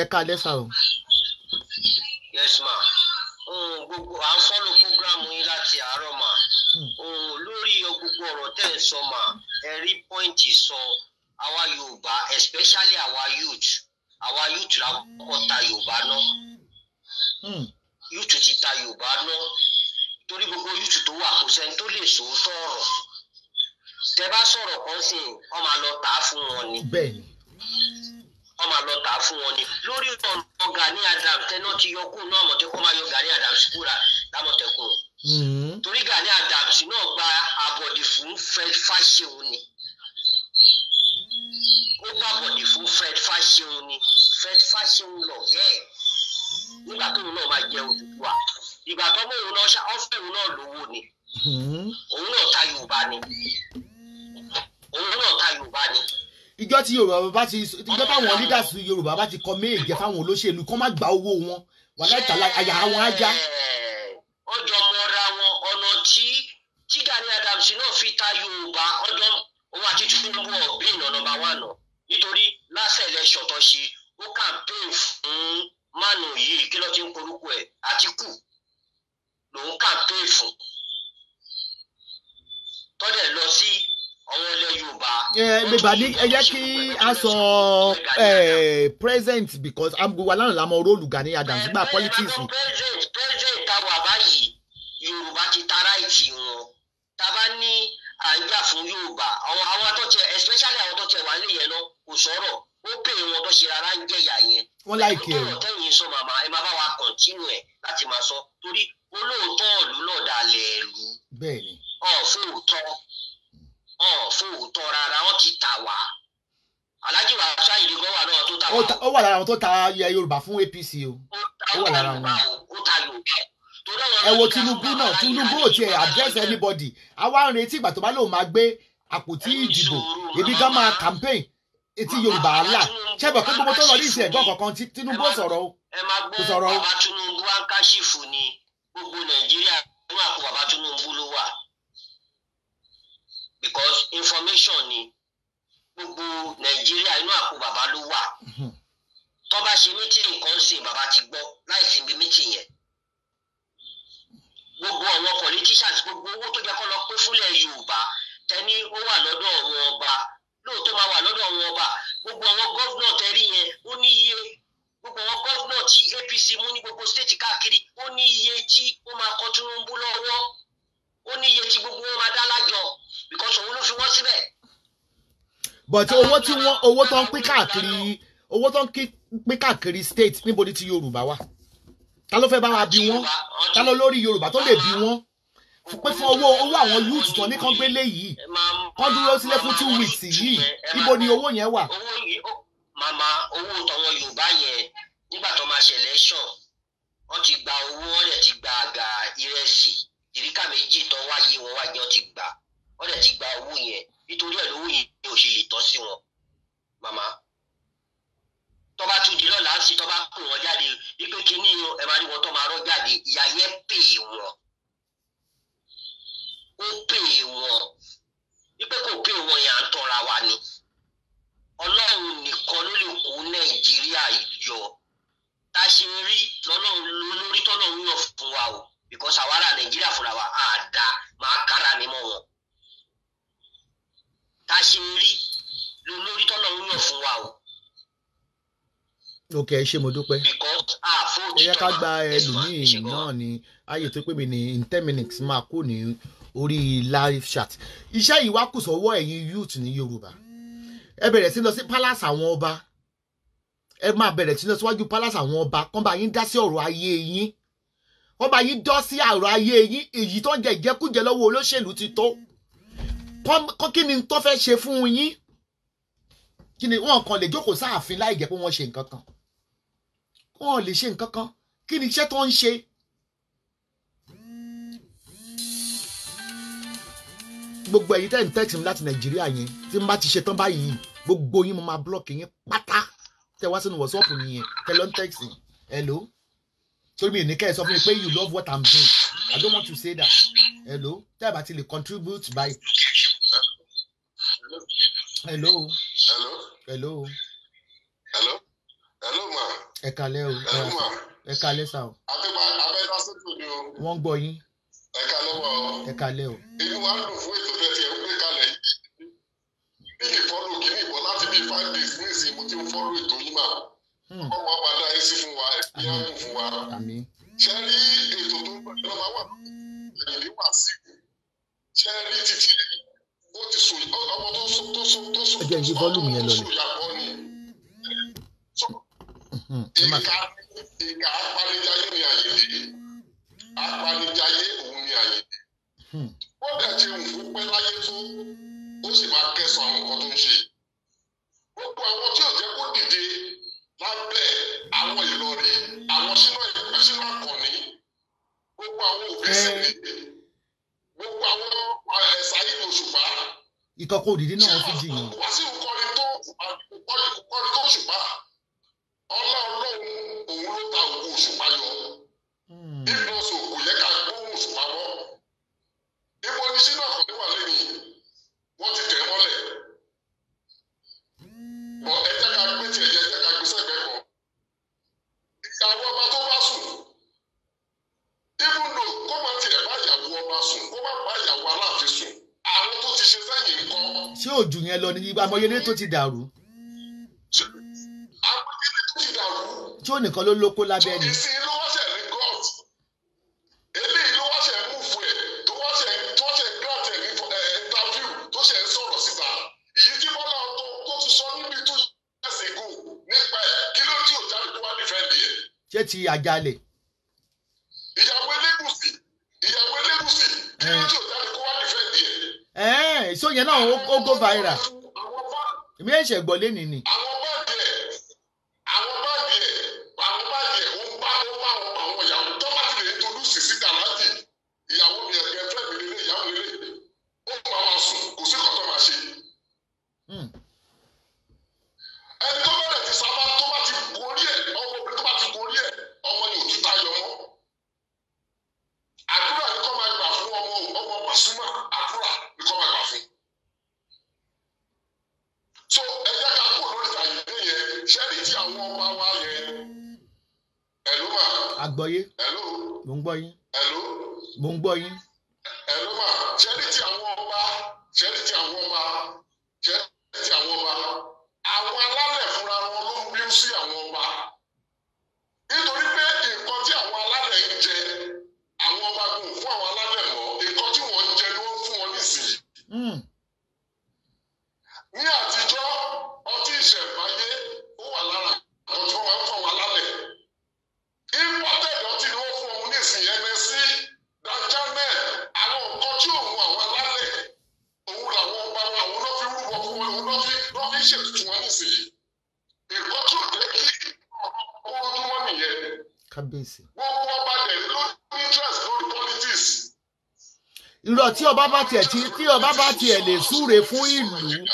ẹ ẹ kalẹ́ máa. sa o. yes ma gbogbo à ń fọ́nù dààmú yín láti àárọ̀ mà hmm. lórí gbogbo ọ̀rọ̀ tẹ́ ẹ sọ mà ẹ rí pọ́ìntì sọ àwa Yorùbá especially àwa youth àwa youth la kọ́kọ́ ta Yorùbá náà hmm. youth ti ta Yorùbá náà torí gbogbo youth tó wà kò sẹ́ni tó lè sòótọ́ ọ̀rọ̀ tẹ bá sọ̀rọ̀ kan sí i wọ́n máa lọ tà á fún wọn ni. wọ́n máa lọ tà á fún wọn ni. lórí ọ̀nà Gani Adams tẹ́ná ti yọ kúrò náà Àmọ̀tẹ́kùn máa yọ Gani Adams kúrò lámọ̀tẹ́kùn Mm-hmm. torí Gani Adams náà gba àbọ̀dì fún Fred Fáṣeun ni ó gba àbọ̀dì fún Fred Fáṣeun ni Fred Fáṣeun lọ̀gẹ́ ẹ̀ nígbà tóun náà máa jẹ Odùduwà ìgbà tó mú òun náà ṣá ọ́fẹ́ òun náà lówó ni mm-hmm. òun náà ta Yorùbá ni òun náà ta Yorùbá ni ìjọ tí yorùbá bá ti ìjọ táwọn leaders yorùbá bá ti kọ méje fáwọn olóṣèlú kó má gba owó wọn wàhálà ìtàlá àyà wọn á já. Eh ọjọ́ mọ́ra wọn ọ̀nà tí tí Gani Adams náà fi ta Yorùbá ọjọ́ òun àti Tinubu ọ̀gbìn ìnà nọ́mbà wàn nà nítorí last election tó ṣe ó campaign fún mánu yìí kí ló ti ń korúkọ ẹ̀ Àtíkù lòun campaign fún tọ́dẹ̀ lọ sí ọwọ́ ilẹ̀ Yorùbá. ẹ bá ní ẹ kí a sọ present because gbogbo aláǹlá mọ róòlù Gani Adams gba politics. present present ta wà báyìí Yorùbá ti ta ráìtì wọn ta bá ní à ń jà fún Yorùbá àwọn àwọn tó especially àwọn tó tẹ wà nílẹ̀ yẹn lọ kò sọ̀rọ̀ ó pè wọn tó ṣe rárá ń jẹ̀yà yẹn. wọ́n láìkè o ọ̀rọ̀ tẹ̀yìn sọ màmá ẹ máa bá wa continue ẹ̀ láti máa sọ torí olóòótọ́ ọ̀lú náà dalẹ̀ ẹ̀rú. bẹ́ẹ̀ni. ọ̀ fún òótọ́ wọn ò fóòótọ́ rárá wọn kì í tà wá Alhaji Wasiu Ayinde kan wà náà tó tà wá. ó wà lára àwọn tó ta Yorùbá fún APC o ó wà lára wọn. ó ta Yorùbá ẹ wo Tinubu náà Tinubu ò tiẹ̀ address anybody àwa ń retí ìgbà tó bá lóun máa gbé àpótí ìdìbò ebi gan máa campaign etí Yorùbá là ṣẹ́bọ̀ pé gbogbo tó lọ ní ìsìn ẹ̀gbọ́n kankan Tinubu ò sọ̀rọ̀ o. ẹ máa gbọ́ bàbá Tinubu wá ni gbogbo Nàìjíríà nínú àpò bàbá Tinubu ló wà because information ni gbogbo nàìjíríà inú àpò bàbá ló wà mhm. tó bá ṣe mítìrì kan ṣe bàbá ti gbọ́ láì sí ibi mítìrì yẹn gbogbo àwọn politicians gbogbo owó tó jẹ́ kó lọ pé fúnlẹ̀ yorùbá tẹ́ni ó wà lọ́dọ̀ àwọn ọba lóòótọ́ máa wà lọ́dọ̀ àwọn ọba gbogbo àwọn gọ́vnọ̀ tẹ́rí yẹn ó ní iye gbogbo àwọn gọ́vnọ̀ tí APC mú ní gbogbo stéètì káàkiri ó ní iye tí ó máa kọ́ Tinubu lọ́wọ́ ó ní iye tí gbogbo wọn máa dá lájọ because òun ló fi wọ́n síbẹ̀. but owó tí wọ́n owó tó ń pín káàkiri owó tó ń pín káàkiri state níbo ni ti yorùbá wà ta ló fẹ́ bá wa bí wọ́n ta ló lórí yorùbá tó lè bí ah. wọ́n pé fún owó owó àwọn youth tán ní kán gbélé yìí kán dúró sílẹ̀ fún two weeks yìí ibo ni owó yẹn wà. màmá owó tọwọ́ yorùbá yẹn nígbà tó máa ṣe election wọ́n ti gba owó wọ́n dẹ̀ ti gba àga ìrẹsì ìríkà méjì tó wáyé wọn wáyé wọ́n ti gbà wọ́n ti gba owó yẹn nítorí ẹ̀ lówó yẹn ò ṣe lè sí wọn màmá tó tún di lọ́la ń sì kù wọn jáde wípé kíní ẹ máa rí wọn tó máa rọ́ jáde ìyá yẹn pè wọ́n ó pè wọ́n wípé kò pè wọ́n yẹn à ń tọ́ra wa ni ọlọ́run nìkan ló lè kó nàìjíríà yọ tá a ṣe rí lọ́lọ́run lórí tọ́lọ́run yàn fún wa o because àwa ará nàìjíríà fúnra wa àdá máa kára mi mọ́ wọn tá a ṣe rí lórí tọ́lọ̀ ń yàn fún wa o. ok ẹ ṣé mo dúpẹ́ ẹ yẹ ká gba ẹlòmíì náà ní ààyè tó pè mí ní in ten minutes máa kú ní orí live chat iṣẹ́ yìí wá kù sọ́wọ́ ẹ̀yin youth ní Yorùbá ẹ bẹ̀rẹ̀ sí lọ sí palace àwọn ọba ẹ máa bẹ̀rẹ̀ sí lọ síwájú palace àwọn ọba kán bá yín dá sí ọ̀rọ̀ ayé yín wọ́n bá yín dọ́ sí ọ̀rọ̀ ayé yín èyí tó ń jẹ ìjẹkújẹ lọ́wọ́ olóṣèlú ti tó. Mm -hmm kọ́ kí ni tó fẹ́ ṣe fún yín kí ni wọ́n kàn lè jókòó sáàfin láì jẹ́ pé wọ́n ṣe nǹkan kan wọ́n lè ṣe nǹkan kan kí ni iṣẹ́ tó ń ṣe. gbogbo ẹ̀yin tẹ́ ń láti nàìjíríà yẹn tí n bá ti ṣe tán báyìí gbogbo yín mo máa búlọ́ọ̀kì yín pátá tẹ sínú wọ̀sọ́ọ̀pù mi yẹn tẹ lọ́n tẹ́tì torí mi ní kẹ́ ẹ sọ fún mi pé you love what i'm doing i don't want to say that hello tẹ́ bá ti lè contribute by hello. hello. hello. hello. hello ma. ẹ kalẹ́ o. hello ma. ẹ kalẹ́ sa o. abẹ́bà abẹ́bà sọ́tò ni o. wọ́n ń gbọ́ yín. ẹ kalẹ́ wa o. ẹ kalẹ́ o. inú wa ń dùn fún ètò bẹ́ẹ̀ tí ẹ ń gbé kalẹ̀ yìí. bí mi fọ́lù kí ni ìbọn láti bí five days ní ìsìn mo ti ń fọ́lù ètò yìí mà. Hmm. ọmọ wa dá yín sí fún wa ẹ̀ bí á kún fún wa. ṣe rí ètò tó ń bọ̀ ẹ̀ lọ́ máa wà lórí ìdíwàsí. rí títí ẹ̀yìn ó ti sùn ọmọ tó sùn tó sùn tó sùn tó sùn ọmọ tó sùn yàgbọ́ ni ìka mhm, apanijayé ni àyèdè apanijayé òun ni àyèdè hmm. ó dẹ̀ ti wù kó pẹ́ láyé tó ó sì máa kẹsàn àwọn nǹkan tó ń ṣe gbogbo àwọn tí ò jẹ́ dìde lábẹ́ àwọn ìlọrin àwọn sínú àkànní gbogbo àwọn òbí sì rèé gbogbo àwọn ṣáyìn eh, òṣùpá. ìkọkọ òdìdí náà fi jì yín. wá sí ìkọrin tó ìkọrin tó òṣùpá ọlá ọlọ́run òun ló ta òkú òṣùpá yọ. nígbà hmm. sọ kò yẹ ká gbóhùn òṣùpá mọ́. níbo ni sínú àkọ́lé wà lẹ́yìn wọ́n ti tẹ̀ mọ́lẹ̀. Hmm. bọ̀ ẹ jẹ́ ká gbé tiẹ̀ jẹ́ ká gbé sẹ́gbẹ̀ẹ́ kan. ìyàwó ọba tó bá sùn even though kó má tiẹ̀ bá ìyàwó ọba sùn kó má bá ìyàwó aláàfin sùn àwọn tó ti ṣe sẹ́yìn nǹkan. ṣé òjò yẹn lọ ní amọ̀yẹlé tó ti dàrú. amọ̀yẹlé tó ti dàrú. tí ó nìkan ló lóko lábẹ́ ni. ìsìn ló wá ṣẹ̀ ní god eléyìí ló wá mú fún ẹ̀ tó wá tó ṣẹ̀ grant ní interview tó ṣẹ̀ ń sọ̀rọ̀ síta èyí tí bọ́lá ọtọ tó ti sọ níbi two years ago nípa ẹ̀ kí ló ti àjálẹ̀. ẹ ẹ so yẹn náà ó go viral èmi ẹ̀ ṣẹ̀gbọ́n lé nìní. àwọn lọ súnmọ́ àdúrà ní kọ́ máa gbà fún. so ẹ jẹ́ ká kúrò lórí ìtàgé yẹn ṣẹ́ni tí àwọn ọba wa yẹn ẹ̀ló mà. àgbọ̀yé ẹ̀ló mò ń gbọ́ yín. ẹ̀ló mò ń gbọ́ yín. ẹ̀ló mà ṣẹ́ni tí àwọn ọba ṣẹ́ni tí àwọn ọba ṣẹ́ni tí àwọn ọba àwọn alálẹ̀ fúnra wọn ló ń bí sí àwọn ọba. kábíyèsí. gbogbo ọba dẹ̀ ló ní interest lórí politics. irọ́ tí ọba bá tiẹ̀ tí ọba bá tiẹ̀ lè súre fún ìlú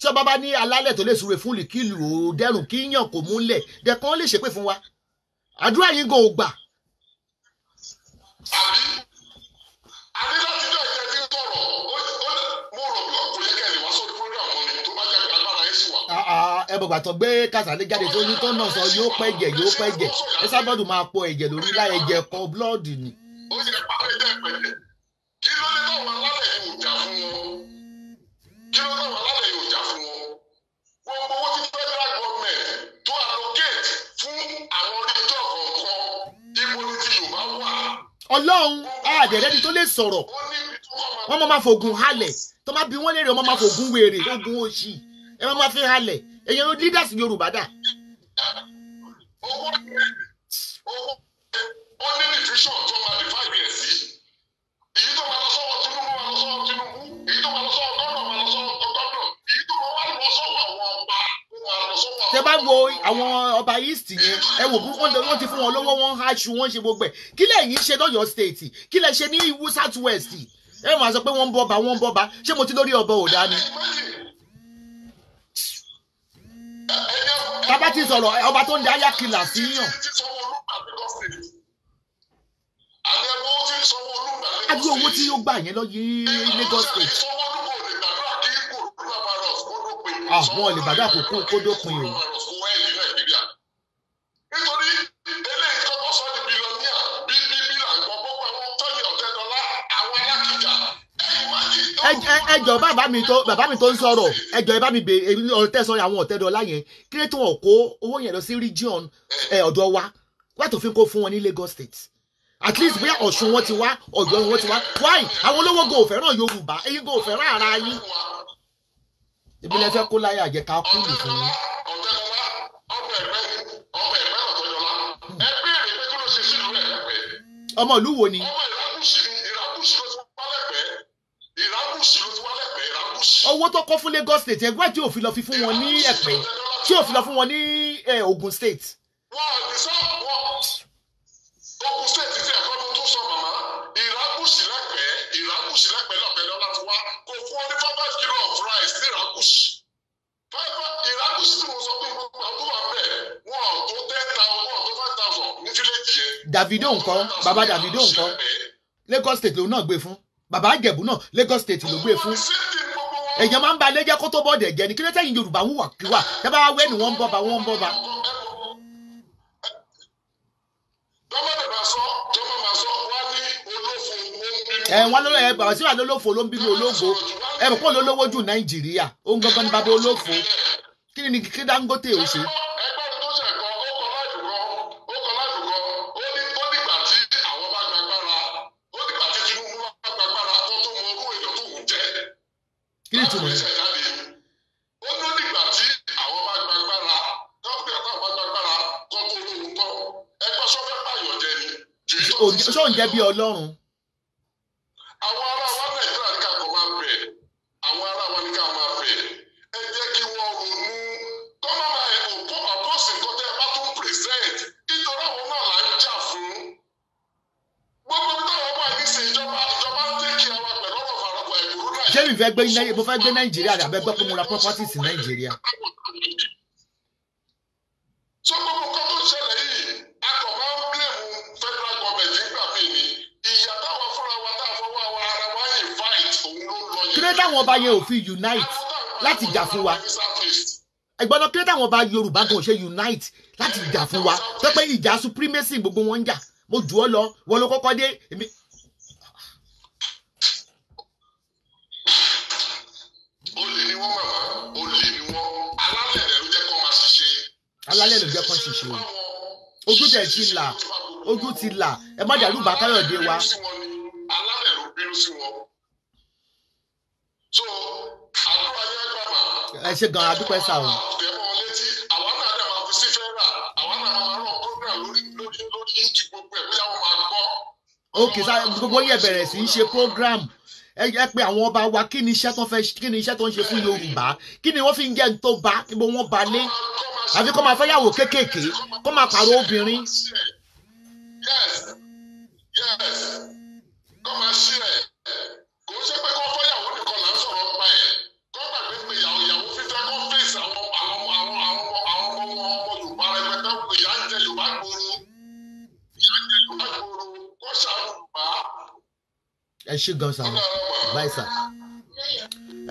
tí ọba bá ní alálẹ̀ tó lè súre fún ìlú kí ìlú kí yàn kò múlẹ̀ dẹ̀kan lè ṣépè fún wa àdúrà yín gan ò àbí ẹbọgbà tó gbé Kàsálí jáde tó ní tó náà sọ yóò pẹ́ jẹ yóò pẹ́ jẹ ẹ sábọ́dù máa pọ ẹ̀jẹ̀ lórí láì ẹ̀jẹ̀ kọ búlọ́ọ̀dù ni. ó ti ni tó lè sọ̀rọ̀ wọ́n máa fògùn halẹ̀ tó máa bí wọ́n lè rí wọ́n máa fògùn wèrè ogun òṣì ẹ máa fi halẹ̀ èèyàn leaders Yorùbá dà. owó owó ó ní ní vision tó máa di five years yìí èyí tó máa lọ sọ́wọ́ Tinubu máa lọ sọ́wọ́ Tinubu èyí tó máa lọ sọ́wọ́ gọ́dọ̀ máa lọ sọ́wọ́ gọ́dọ̀ èyí tó máa wá lọ sọ́wọ́ àwọn ọba tẹ bá wo àwọn ọba east yẹn ẹ wò fún wọn ti fún wọn lọ́wọ́ wọn aṣù wọn ṣe gbogbo ẹ kí lẹ̀yin ṣe lọ́yọ̀ state kí lẹ ṣe ní iwu south west ẹ máa sọ pé wọ́n ń bọba wọ́n ń bọba ṣé mo ti lórí ọba ò dá ni tábà ti sọ̀rọ̀ ọba tó ń di aya kìlà sí yàn. adúgbò owó tí ó gbà yẹn lọ yí Lagos state. àwọn olùbàdàn àkókò kó ah, o. ẹjọ bàbá mi tó bàbá mi tó ń sọ̀rọ̀ ẹjọ ẹ bá mi bèrè èmi ọ̀rọ̀ tẹ́ àwọn ọ̀tẹ́dọ̀lá yẹn kí ló tí wọn kó owó yẹn lọ sí region ọ̀dọ̀ wa wá tó fi kó fún wọn ní Lagos State at least bóyá Ọ̀ṣun wọn ti wá Ọ̀yọ́ wọn ti wá why àwọn olówó go fẹ́ràn Yorùbá èyí go fẹ́ràn ara yín ibi lẹ fẹ́ kó láyé àjẹká kúlù fún yín. ọmọ ni. owó tó kó fún Lagos state ẹgbẹ́ tí òfin lọ fi fún wọn ní Ẹ̀pẹ́ tí òfin lọ fún wọn ní Ogun state. Davido ńkọ́ baba Davido ńkọ́ Lagos state lòun náà gbé fún baba àjẹ̀bù náà Lagos state ló gbé fún èèyàn máa ń ba ilé jẹ́ kó tó bọ́ọ̀dẹ̀ jẹ́ ni kí ló tẹ̀yìn Yorùbá ń wà kí wà ẹ bá wẹ́ ni wọ́n ń bọ́ba wọ́n ń bọ́ba. ẹ wọn ló ẹ bàbá síbà lólófo ló ń bínú ológo ẹ bọ̀ pọ̀ lólówó jù Nàìjíríà ó ń gangan ní bàbá olófo kí ni kí Dangote ò ṣe. ṣó ń jẹ́ bí ọlọ́run. àwọn ará wa nàìjíríà ní ká kọ́ máa bẹ̀ àwọn ará wa ní ká máa bẹ̀ ẹ jẹ́ kí wọ́n ronú tọ́lá máa ẹ̀ òpó bá tún present nítorí àwọn náà là ń jà fún gbogbo táwọn ọmọ ẹni ṣe ìjọba ìjọba ń tẹ́ kí àwa pẹ̀lú ọ̀rọ̀ fàrọ̀ pẹ̀lú nàìjíríà. ṣé fẹ́ gbé nàìjíríà àbẹ́gbẹ́ fún mi ra properties nàìjíríà. ọba yẹn ò unite láti jà fún wa ìgbọ́dọ̀ kí ló táwọn ọba Yorùbá kan ṣe unite láti jà fún wa tó pé ìjà supremacy gbogbo wọn ń jà mo jù ọ lọ wọn ló kọ́kọ́ dé èmi. olè ni wọn màmá olè ni wọn alálẹ̀ rẹ̀ ló jẹ́ kó máa ṣiṣẹ́. ojú tẹ̀ ti là ojú ti là ẹ má dàrú bá Káyọ̀dé wa. alálẹ̀ ló bínú sí wọn ẹ ṣe gan adúpẹ́ sà o. ok sá gbogbo yẹ bẹ̀rẹ̀ sí í ṣe program ẹ jẹ́ pé àwọn ọba wa kí ni iṣẹ́ tó ń fẹ́ kí ni iṣẹ́ tó ń ṣe fún Yorùbá kí ni wọ́n fi ń jẹ́ ní tó bá níbo wọ́n ba lé àfi kó máa fẹ́yàwó kéékèèké kó máa pààrọ̀ obìnrin. yes yes kó máa ṣe. ẹ ṣe gan sàrọ báyìí sà.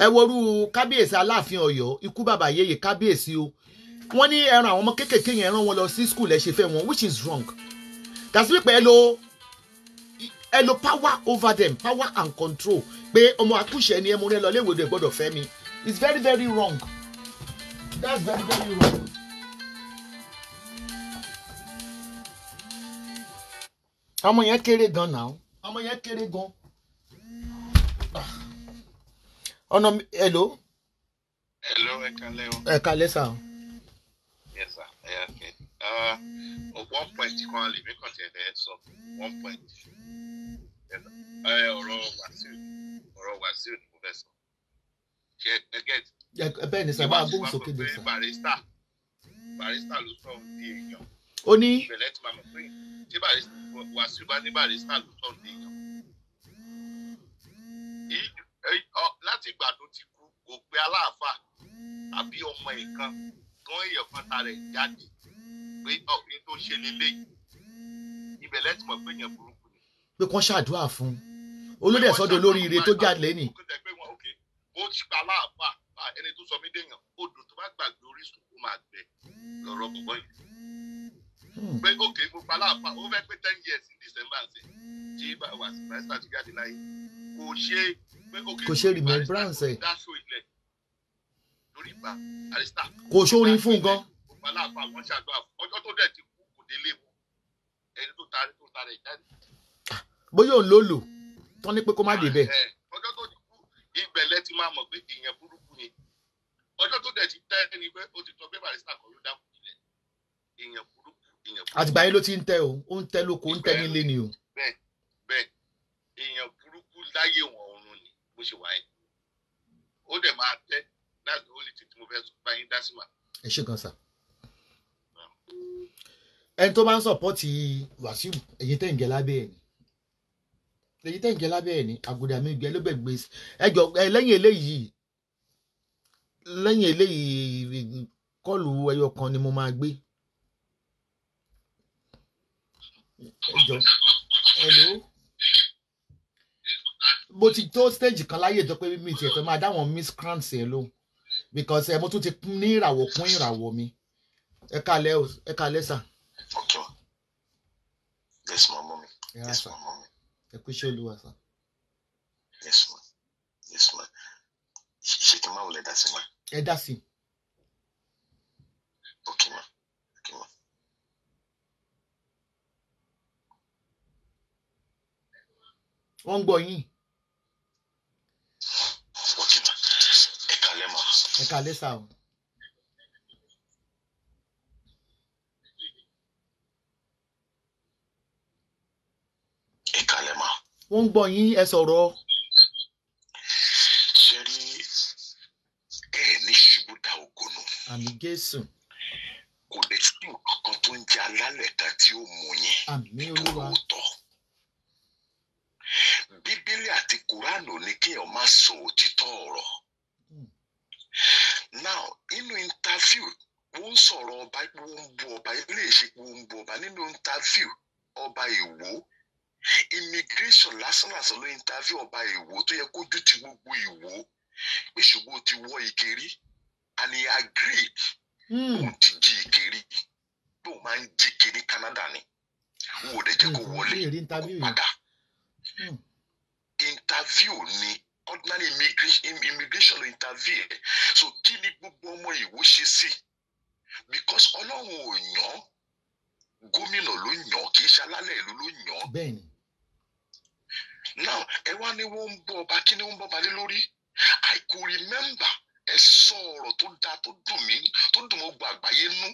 ẹ worú kábíyèsí aláàfin Ọ̀yọ́ ikú bàbá yéyè kábíyèsí o wọ́n ní ẹran àwọn ọmọ kéékèèké yẹn rán wọn lọ sí school ẹ ṣe fẹ́ wọn which is wrong that's wípé ẹ lo ẹ lo power over them power and control pé ọmọ akúṣẹ̀ ni ẹ mú rẹ lọ léwòdò ẹ gbọ́dọ̀ fẹ́ mi it's very very wrong that's very very wrong. ọmọ yẹn kéré gan náà ọmọ yẹn kéré gan. ọ̀nà hello. hello ẹ kalẹ o. ẹ kalẹ sá. yes sir ẹ yà uh, kẹ one point kan lè mí kàn tiẹ̀ lẹ́ sọ one point ọ̀rọ̀ wàsíù ọ̀rọ̀ wàsíù ni mo fẹ́ sọ ṣe ẹ gẹ́t. bẹ́ẹ̀ ni sábà bóun sókè ní sá. barista barista ló sọ ohun di èèyàn. ó ní. ìbẹ̀lẹ̀ ti máa mọ̀ pé tí wàsíù bá ní barista ló sọ ohun di èèyàn láti ìgbà tó ti kú kò pé aláàfà àbí ọmọ ìkan kan èèyàn kan ta rẹ̀ jáde pé ọ̀gbìn tó ṣe lélẹ́yìí ibẹ̀ lẹ́tì mọ̀ pé èèyàn burúkú ni. pé kán ṣàdúrà fún un olórí ẹ̀sọ́dọ̀ olórí ire tó jáde ní. ó ti pa aláàfà ẹni tó sọ mí déèyàn odò tó bá gbàgbé orísun ó máa gbẹ lọ́rọ̀ bọ̀bọ̀ yìí hmm. pé òkè gbogbo aláàpá ó fẹ́ pé ten years in december ṣe tí wàsíbáṣá ti jáde láyé kò ṣe remembrance ẹ̀ kò sórin fún nǹkan. bóyá òun ló lò tán ní pé kó má dé bẹ́ẹ̀. ọjọ́ tó ti kú ìgbẹ̀lẹ̀ ti máa mọ̀ pé èèyàn burúkú ni ọjọ́ tó dẹ̀ ti tẹ́ ẹni pé ó ti tọ́ pé barista kan ló dákú nílẹ̀ èèyàn burúkú èèyàn burúkú. àtìgbà yẹn ló ti ń tẹ o ó ń tẹ lóko ó ń tẹ nílé ni o. bẹ́ẹ̀ bẹ́ẹ̀ èèyàn burúkú láyé wọn ṣe wáyé ó dẹ̀ máa tẹ́ that's the only thing tí mo fẹ́ bá yín dá sí ma. ẹ ṣe gan sa ẹni tó bá ń sọpọ́tì Wàsíù èyí tẹ̀ ń jẹ lábẹ́ ẹ̀ ni èyí tẹ̀ ń jẹ lábẹ́ ẹ̀ ni àgùdà mi gbẹ lóbẹ̀ ẹjọ lẹ́yìn eléyìí lẹ́yìn eléyìí kọ́ọ̀lù ẹyọ kan ni mo máa gbé. ẹjọ hello mo ti tó stage kan láyé ìjọ pé mi ti ẹ̀fẹ̀ máa dáwọn miscrants yẹn lóhùn because ẹ mo tún ti ní ìràwọ̀ kún ìràwọ̀ mi ẹ kálẹ́ o ẹ kálẹ́ sà. ọjọ́ yes ma mọ mi yes ma mọ mi. ẹ kú iṣẹ́ olúwa sà. yes ma yes ma ṣe kí n máa wọlé dá sí ma. ẹ dá sí. ok ma ok ma. wọ́n ń gbọ́ yín. ẹ ká lẹ́sà o. ẹ kalẹ̀ ma. wọ́n ń gbọ́ yín ẹ sọ̀rọ̀. ṣe rí ẹ ní ṣubú da ògo nù. àmì jésù. kò lè sí nǹkan tó ń jẹ alálẹ̀ ta tí ó mú yín. àmì olúwa bíbélì àti kuránù ní kéèyàn máa sọ òtítọ́ ọ̀rọ̀. now inú interview n sọrọ ọba ipò wọ́n bu ọba ilé ìṣepò wọ́n ọba nínú interview ọba ìwò immigration lásánlàsán ló interview ọba ìwò tó yẹ kójú ti gbogbo ìwò pé ṣùgbọ́n ti wọ ìkéré and he agreed òun hmm. ti jí ìkéré pé òun máa ń jí Canada ni wò hmm, hmm. ni ordinary immigration ló intervene so kí ni gbogbo ọmọ ìwò ṣe sí because ọlọ́run ò yàn gómìnà ló yàn kì í ṣe alálẹ̀ ìlú ló yàn. bẹ́ẹ̀ni. now ẹ wá ní wọ́n ń bọ ọba kí ni wọ́n ń bọ ọba lé lórí i could remember ẹ sọ ọ̀rọ̀ tó dáa tó dùn mí tó dùn mọ́ gbọ́ àgbáyé nú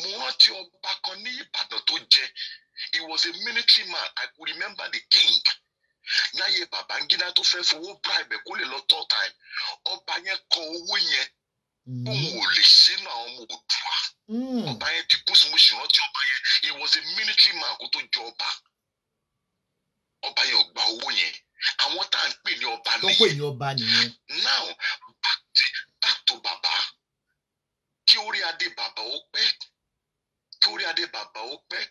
mo rántí ọba kan ní ìbàdàn tó jẹ he was a military man i could remember the king láyé Babangida tó fẹ́ fowó bribe kó lè lọ tọ́ time ọba yẹn kọ owó yẹn mm. òun ò lè ṣe náà ọmọ Oòduà mm. ọba yẹn ti kú sí mo sì ọba yẹn he was a military man kó tó jọ ọba ọba yẹn ò gba owó yẹn àwọn tá à ń pè ní ọba nìyẹn now back to, back to baba kí orí adé baba ó pẹ́ torí adé bàbá ó pẹ́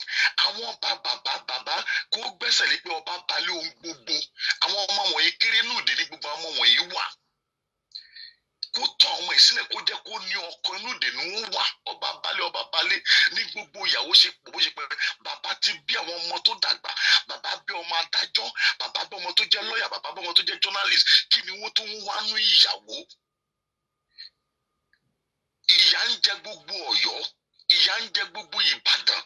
àwọn bàbá bàbá kó gbẹ́sẹ̀ lé pé ọba balẹ̀ ohun gbogbo àwọn ọmọ wọ̀nyí kéré náà dé ní gbogbo àwọn ọmọ wọ̀nyí wà kó tọ àwọn ìsílẹ̀ kó jẹ́ kó ní ọkọ inú ìdènú ń wà ọba balẹ̀ ọba balẹ̀ ní gbogbo ìyàwó ṣe pọ̀ bó ṣe pẹ́ bàbá ti bí àwọn ọmọ tó dàgbà bàbá bí ọmọ adájọ́ bàbá bí ọmọ tó jẹ́ lọ́ọ̀yà bàbá bí ọmọ tó jẹ́ journalist kí ni wọ́n tó ń wá nú ìyàwó ìyà ń jẹ gbogbo Ọ̀yọ́ ìyà ń jẹ gbogbo Ìbàdàn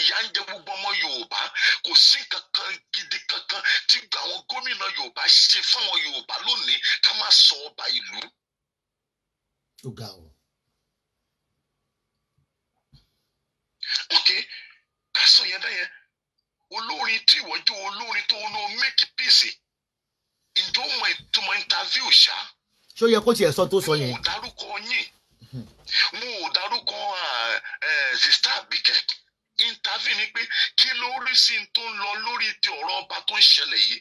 ìyà ń jẹ gbogbo ọmọ Yorùbá kò sí kankan gidi kankan tí àwọn gómìnà Yorùbá ṣe fáwọn Yorùbá lónìí ká má sọ ọba ìlú. ó ga o. ok ká yẹn dá yẹn olórin tí ìwọ jẹ́ olórin tó ń make peace ǹjẹ́ ó mọ ìtumọ̀ interview ṣá. ṣó yẹ kó tiẹ̀ sọ tó sọ yẹn. mo dárúkọ yín mo ò dárúkọ sista Àbíkẹ́ interview mi pé kí ló rí sí tó ń lọ lórí ti ọ̀rọ̀ ọba tó ń ṣẹlẹ̀ yìí.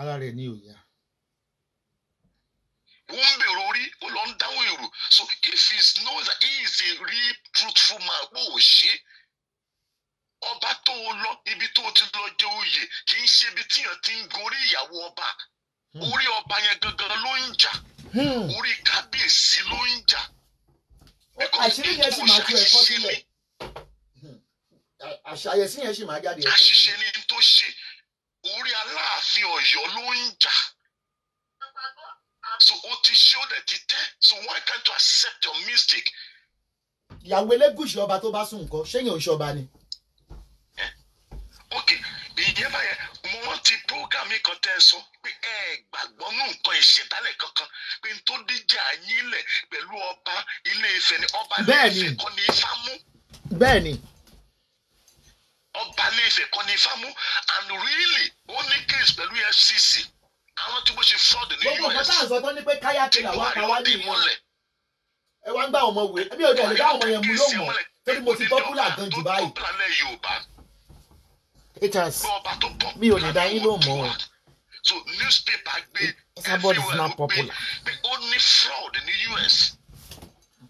ara rẹ̀ ni òòyà. wọ́n ń bèrò orí ó lọ ń dáhùn èrò so if he knows that he is a real truthful man pé ò ṣe ọba tó o lọ ibi tó o ti lọ jẹ oyè kì í ṣe ibi tíyàn ti ń gorí ìyàwó ọba hmm. orí ọba yẹn gangan ló ń jà hmm. orí kábíyèsí ló ń jà àṣírí yẹn sì máa ju ẹ̀kọ́ sílẹ̀ àṣàyẹsí yẹn sì máa jáde ẹ̀kọ́ sílẹ̀. àṣìṣe ni tó ṣe orí aláàfin Ọ̀yọ́ ló ń jà so o ti ṣe ó dẹ̀ ti tẹ́ so why can't you accept your mistake. ìyàwó elégùsì ọba tó bá sùn nǹkan ṣé yẹn ò ń ṣọba ni. ti programme kan tẹ́ ẹ sọ pé ẹ gbàgbọ́ nù nǹkan ìṣẹ̀dálẹ̀ kankan pé n tó díjà yín lẹ̀ pẹ̀lú ọba ilé Ifẹ̀ ni ọba ilé Ifẹ̀ kọ́ ni ifá mú. bẹ́ẹ̀ni. ọba ilé Ifẹ̀ kọ́ ni ifá mú and really ó ní case pẹ̀lú FCC àwọn tí mo ṣe fraud ní US. gbogbo nǹkan tá à ń sọ tó ní pé káyà ti là wá pa wá nìyẹn ẹ wá ń gbà ọmọ wèé ẹ bí ọdún ẹ ọmọ yẹn mú yóò mọ torí mo ti tọ́kùlà gan jù báyìí hrs mi ò lè dá yín lóhùn mọ́ o. so newspaper gbé everywhere ló gbé pé ó ní fraud ní us.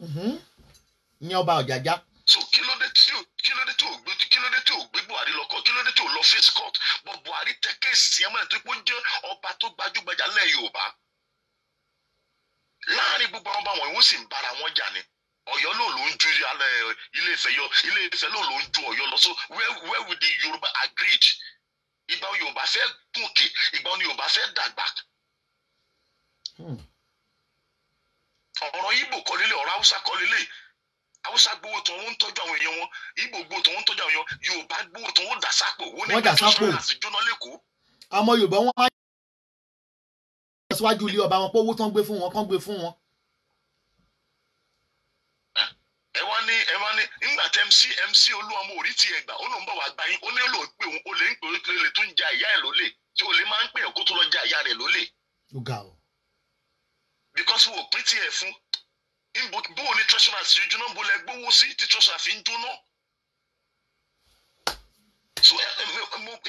Mm-hmm. ní ọba ọ̀jájá. so kí ló dé tí o kí ló dé tí o gbé kí ló dé tí o gbé buhari lọkọ kí ló dé tí o lọ face court bọ buhari tẹ kéèsì ẹmọ ẹni tó pé ó jẹ ọba tó gbajúgbajà lẹ yorùbá láàrin gbogbo àwọn ọba wọn ìwọ sì ń bara wọn jà ni. Ọ̀yọ́ ló ló ń ju Ilé Ifẹ̀ yọ Ilé Ifẹ̀ ló ló ń ju Ọ̀yọ́ lọ so where where would the Yorùbá agreed ìgbà òní Yorùbá fẹ́ gòkè ìgbà òní Yorùbá fẹ́ dàgbà. Ọ̀rọ̀ Ìgbò kọ́ lílé ọ̀rọ̀ Haúsá kọ́ lílé Haúsá gbowó tó ń tọ́jú àwọn èèyàn wọn Ìgbò gbowó tó ń tọ́jú àwọn èèyàn Yorùbá gbowó tó ń dà sápò wọ́n ní bí tó sọ́ra sí jóná lẹ́kọ̀ọ́. Àmọ́ Yorùbá wọn á yẹ kí wọ́n síwájú ilé ọba wọn pé owó tán gbé fún wọn kán gbé fún wọn. ẹ wá ní ẹ wá ní nígbà tí mc mc olúwọmọ orí ti ẹgbà ó lóun bọ̀ wá gbà yín ó ní lò pé òun ó lè ń pè é lè tún ja ìyá ẹ̀ lólè tí ó lè máa ń pè é kó tó lọ ja ìyá rẹ̀ lólè. ó ga o. because wo pín tiẹ̀ fún bóun ni treasurer ti jóná bolẹ̀ gbówó sí tí treasurer fi ń jóná so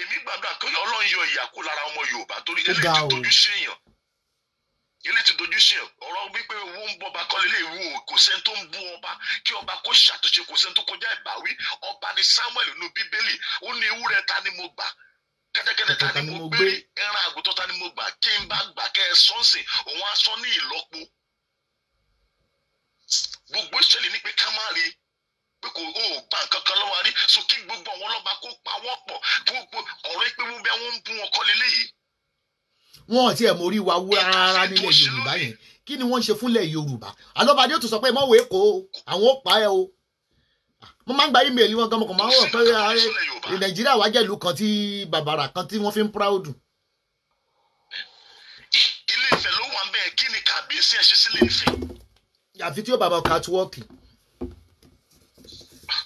èmi gbàdúrà kí Ọlọ́run yọ ìyà kó lára ọmọ Yorùbá torí eléyìí tó tójú sí èèyàn ilé ti dojú sí ọ̀rọ̀ wípé owó ń bọba kọ́ lélẹ̀ ìwú o kò sẹ́ni tó ń bú ọba kí ọba kó ṣàtúnṣe kò sẹ́ni tó kọjá ìbáwí ọba ni Samuel nínú bíbélì ó ní ewúrẹ́ ta ni mo gbà kẹ́tẹ́kẹ́tẹ́ ta ni mo gbé ẹran àgùntàn ta ni mo gbà kí n bá gbà kẹ́ ẹ sọ́ọ̀sì òun á sọ ní ìlọ́po gbogbo ìṣẹ̀lẹ̀ ní pé ká má rí pé kò ó gbà nǹkan kan lọ́wọ́ rí so kí gbogbo àwọn ọlọ́ba kó pa wọ́n pọ̀ gbogbo ọ̀rọ̀ ìpéwú bẹ́ẹ̀ wọ́n ń bú wọn kọ́ lélẹ́yìí wọn ò tiẹ̀ mórí wa wúra rárá nílẹ̀ yorùbá yẹn kí ni wọ́n ń ṣe fúnlẹ̀ yorùbá alọ́bàdé ò tún sọ pé mọ̀wé kó o àwọn ò pa ẹ́ o mo máa ń gba ímeèlì wọn gan mo kàn máa ń wọ̀ pé nàìjíríà wá jẹ́ ìlú kan tí bàbàrà kan tí wọ́n fi ń proud. ilé ìfẹ́ ló wà ń bẹ́ẹ̀ kí ni kàbíyèsí ẹ̀ ṣe sílé ìfẹ́. àfi tí ó bàbá kàtíwọ́ọ̀kì ah,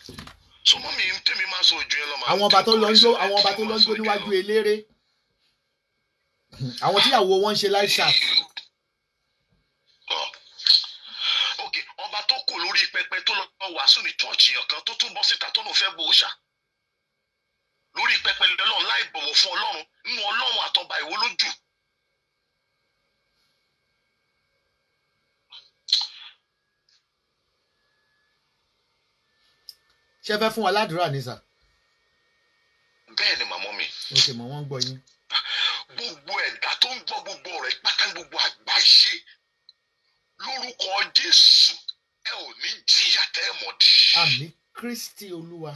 sọmọ mi tèmi máa sọ ojú ẹ lọ máa. àwọn ọba tó lọ ń jó àwọn ọba tó lọ ń jó níwájú eléré àwọn tíyàwó wọn ń ṣe live chat. Oh. ok ọba tó kù lórí pẹpẹ tó lọ wàásù ní chọọchì ọ̀kan tó tún bọ́ síta tó lóun fẹ́ bọ òòṣà lórí pẹpẹ lọ́lọ́run láì bọ̀wọ̀ fún ọlọ́run nínú ọlọ́run àtọba ìwó lójú. ṣé fẹ́ fún wa ládùúrà ní sà. bẹ́ẹ̀ ni màmú mi. ok mọ̀ wọ́n ń gbọ́ yín pátápátá gbogbo ẹ̀dá tó ń gbọ́ gbogbo ọ̀rọ̀ yìí pátá gbogbo àgbáyé lórúkọ Jésù ẹ ò ní jìyà tẹ́ ẹ mọ̀ dí. àmín Kristi Olúwa.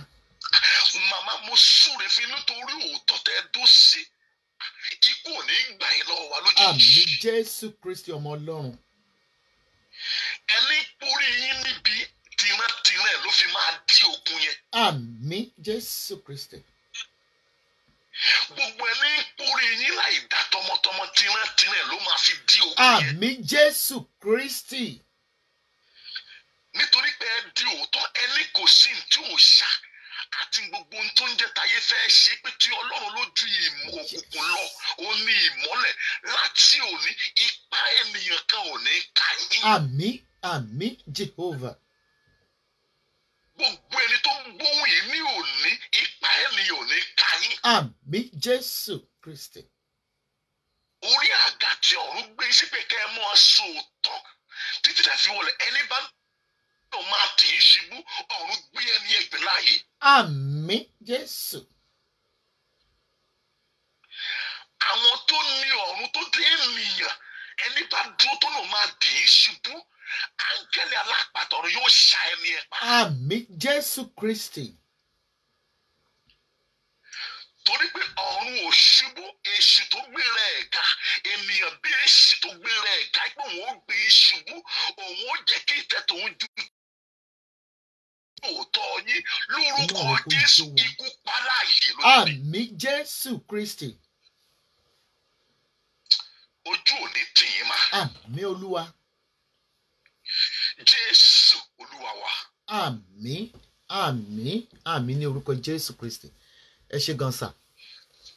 màmá mo súre fún nítorí òótọ́ tẹ́ ẹ dó sí ikú ò ní gbà yín lọ́wọ́ wa lójijì. àmín Jésù Kristi ọmọ Ọlọ́run. ẹni porí yín níbi tìrántìrán ló fi máa di ogun yẹn. àmín Jésù Kristi gbogbo ẹni ń kórè yín láì dá tọmọtọmọ tirẹ̀tirẹ̀ ló máa fi di òkú yẹn. àmì jésù kristi. nítorí pé ẹ di òótọ́ ẹni kò sí ní tí ò ṣá àti gbogbo ohun tó ń jẹ́ tayé fẹ́ ṣe pé tí ọlọ́run ló ìmọ̀ òkùnkùn lọ ó ní ìmọ́lẹ̀ láti òní ipá ènìyàn kan ò ní ká yín. àmì àmì jehovah gbogbo ẹni tó ń gbóhùn yìí ní òní ipa ẹni ò ní ká yín. àmì jésù kristi. orí àga tí ọ̀run gbé síbẹ̀ kẹ́ ẹ mọ́ sòótọ́ títí tá a fi wọlé ẹni bá náà máa tì í ṣubú ọ̀run gbé ẹni ẹgbẹ̀ láàyè. àmì jésù. àwọn tó ní ọ̀run tó dé ènìyàn ẹni bá dúró tó náà máa tì í ṣubú áńgẹ́lì alápatọ̀rọ̀ yóò ṣá ẹni ẹ̀ pa. àmín jésù kristi. torí pé ọ̀run ò ṣubú èṣù tó gbéra ẹ̀ ga ènìyàn bí èṣù tó gbéra ẹ̀ ga pé òun ó gbé ìṣubú òun ó jẹ́ kí ìtẹ́ tòun ju òótọ́ yín lórúkọ jésù ikú paláyé lónìí. àmín jésù kristi. ojú ò ní tì í ma. àmín olúwa jésù olúwa wa. àmín àmín àmín ní orúkọ jésù kristi ẹ ṣe gan sa.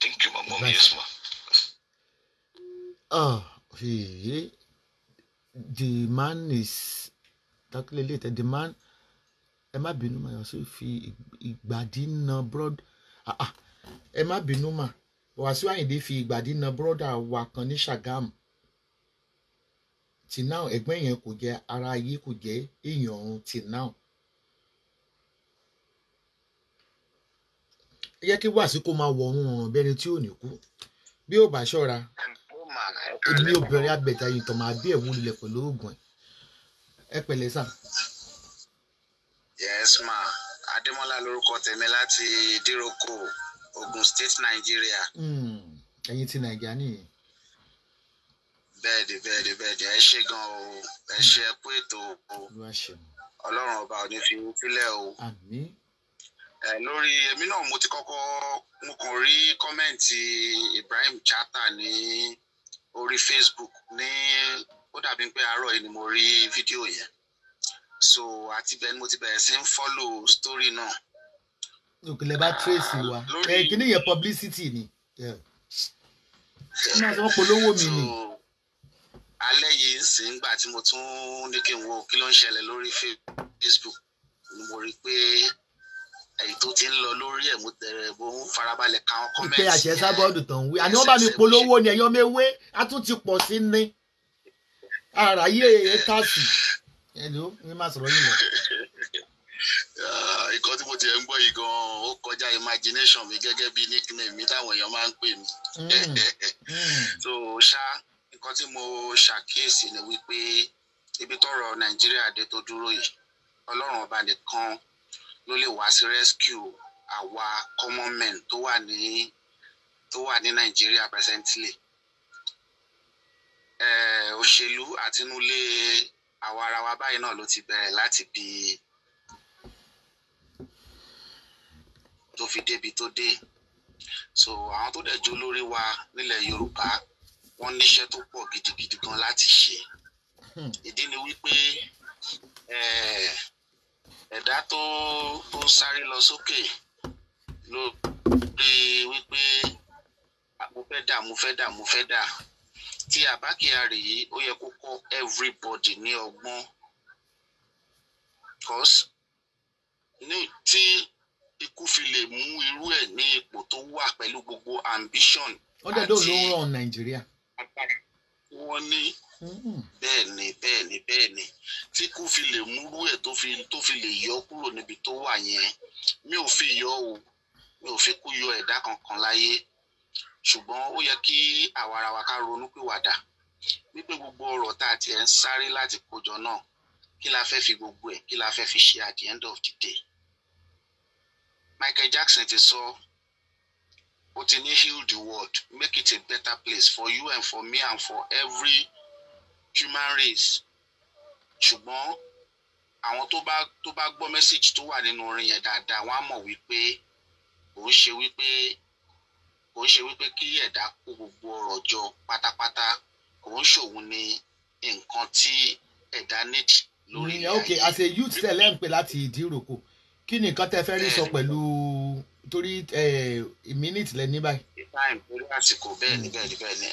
thank you mama yes ma. Oh, he, the man is takile late the man ẹ má bínú mà yọ sí fi ìgbàdí na broad ah, ah, ẹ má bínú mà wàásù àyìndé fi ìgbàdí na broda wa kan ní ṣàgámù till now ẹ̀gbọ́n yẹn kò jẹ́ ara ayé kò jẹ́ èèyàn ọ̀run till now. ẹ jẹ́ kí wàásù kó máa wọ ọ̀run ọ̀run bẹ́ni tí ò ní kú bí ó bá ṣọ́ra èmi obìnrin abẹ́ta yìí tọ́ máa bí ẹ̀wọ̀n lulẹ̀ pẹ̀lú oògùn ẹ pẹ̀lẹ́ sà. yes ma adémọ́lá lórúkọ tèmi láti díròkò Ogun State Nigeria. Hmm. ẹ̀yin ti nàìjíríà nìyí bẹ́ẹ̀ni bẹ́ẹ̀ni bẹ́ẹ̀ni ẹ ṣe gan o ẹ hmm. ṣe ẹ kú ètò o Ọlọ́run ọba ò ní fi wú sílẹ̀ o. ẹ lórí èmi náà mo ti kọ́kọ́ mo kàn rí kọ́mẹ́ǹtì Ibrahim Chata ní orí Facebook ní ó dàbí pé àárọ̀ yìí ni mo rí fídíò yẹn so àti bẹ́ẹ̀ ni mo ti bẹ̀rẹ̀ sí ń fọ́lò story náà. òkèlè bá tracy wa ẹ kí ni publicity ni. ẹ ní àti wọn polówó mi ni alẹ́ yìí ń sìn gbà tí mo tún ní kí n wo kí ló ń ṣẹlẹ̀ lórí Facebook ni mo rí i pé èyí tó ti ń lọ lórí ẹ̀ mo tẹ̀rẹ̀ bó ń farabalẹ̀ ka àwọn kọ́mẹ́ǹtì. ìpè àṣẹ sábọ́ọ̀dù tó ń wí àní wọ́n bá mi polówó ni ẹ̀yọ́ mẹ́wé á tún ti pọ̀ sí ni ara yé e káàsì ẹ̀lú ní má sọ̀rọ̀ yìí lọ. ìkọ́ ah, tí mo ti ń gbọ́ yìí gan ó kọjá imagination mi gẹ́gẹ́ bí nickname mi táwọn èèyàn máa ń pè mí. Mm, mm. so ṣáá nǹkan tí mo ṣàkíyèsí ni wípé ibi tọ́rọ̀ nàìjíríà dé tó dúró yìí ọlọ́run ọba nìkan ló lè wá sí rescue àwa common men tó wà ní tó wà ní nàìjíríà presently eh, òṣèlú àtinúlé àwa ara wa báyìí náà ló ti bẹ̀rẹ̀ láti bí tó fi débi tó dé so àwọn tó dẹ̀ jó lórí wa nílẹ̀ yorùbá wọ́n níṣẹ́ tó pọ̀ gidigidi gan láti ṣe hmm. ìdí ni wípé eh, ẹ̀dá tó tó sáré lọ sókè ló rí wípé mo fẹ́ dà mo fẹ́ dà mo fẹ́ dà tí Abba yìí ó yẹ kó kọ́ everybody ní ọgbọ́n cause ní tí ikú fi lè mú irú ẹ̀ ní ipò tó wà pẹ̀lú gbogbo ambition àti ọdẹ ló ń ràn Nàìjíríà agbára tí ní hmm. bẹ́ẹ̀ ni bẹ́ẹ̀ ni bẹ́ẹ̀ ni tí kú fi lè múrú ẹ̀ tó fi tó fi lè yọ kúrò níbi tó wà yẹn mi ò fi yọ o mi ò fi kú yọ ẹ̀dá kankan láyé ṣùgbọ́n ó yẹ kí àwa ká ronú pìwàdà wípé gbogbo ọ̀rọ̀ tá a ti ẹ̀ ń sáré láti kójọ náà kí la fẹ́ fi gbogbo ẹ̀ kí la fẹ́ fi ṣe at the end of the day Michael Jackson ti sọ but in heal the world, make it a better place for you and for me and for every human race. ṣùgbọ́n àwọn tó bá tó bá gbọ́ message tó wà nínú orin yẹn dáadáa wọ́n á mọ̀ wípé kò ń ṣe wípé kò ń ṣe wípé kí ẹ̀dá kó gbogbo ọ̀rọ̀ jọ pátápátá kò ń ṣòun ní nǹkan tí ẹ̀dá need lórí mm, ayé. ok as a youth tẹ̀lé ń pè láti ìdí ìrókò kí ni nǹkan tẹ fẹ́ rí sọ pẹ̀lú. Uh, torí minute lẹ ní báyìí. time torí àsìkò hmm. bẹ́ẹ̀ ni bẹ́ẹ̀ ni bẹ́ẹ̀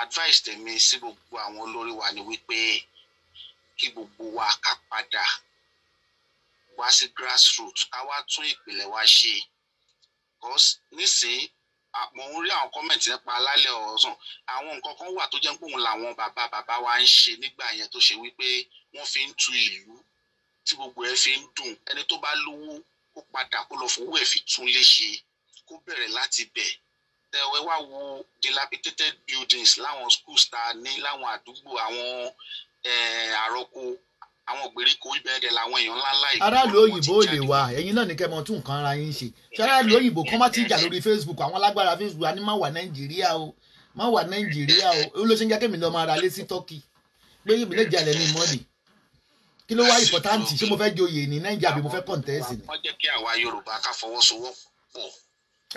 advice tèmi sí gbogbo àwọn olórí wa ni wípé kí gbogbo wa kà padà wá sí grassroots ká wá tún ìpìlẹ̀ wa ṣe because nísìnyí mo ń rí àwọn kọ́mẹ̀ntì nípa alálẹ̀ ọ̀sán àwọn nǹkan kan wà tó jẹ́ pé òun làwọn bàbá bàbá wa ń ṣe nígbà yẹn tó ṣe wípé wọ́n fi ń tu ìlú tí gbogbo ẹ̀ fi ń dùn ẹni tó bá lówó kó padà kó lọ fowó ẹ̀ fi tún lé ṣe kó bẹ̀rẹ̀ láti bẹ̀ tẹ ẹ wá wo dilapidated buildings láwọn schools ta ní láwọn àdúgbò àwọn àròkọ àwọn gbèríko ibẹ̀ dẹ̀ làwọn èèyàn ńláńlá yìí. aráàlú òyìnbó ò lè wà ẹ̀yin náà ní kẹ́ tún nǹkan ara yín ṣe ṣé aráàlú òyìnbó kọ́ má ti jà lórí facebook àwọn alágbára facebook a ní má wà nàìjíríà o má wà nàìjíríà o olóṣèǹjà kẹ́mi lọ́ọ́ máa ra lé sí turkey lóyìnbó lè jalè ní mọ́ọ̀lì kí ló wá ìpọ̀táǹtì ṣé mo fẹ́ joyè ní nàìjíríà àbí mo fẹ́ kọ̀ǹtẹ́ẹ̀sì ni.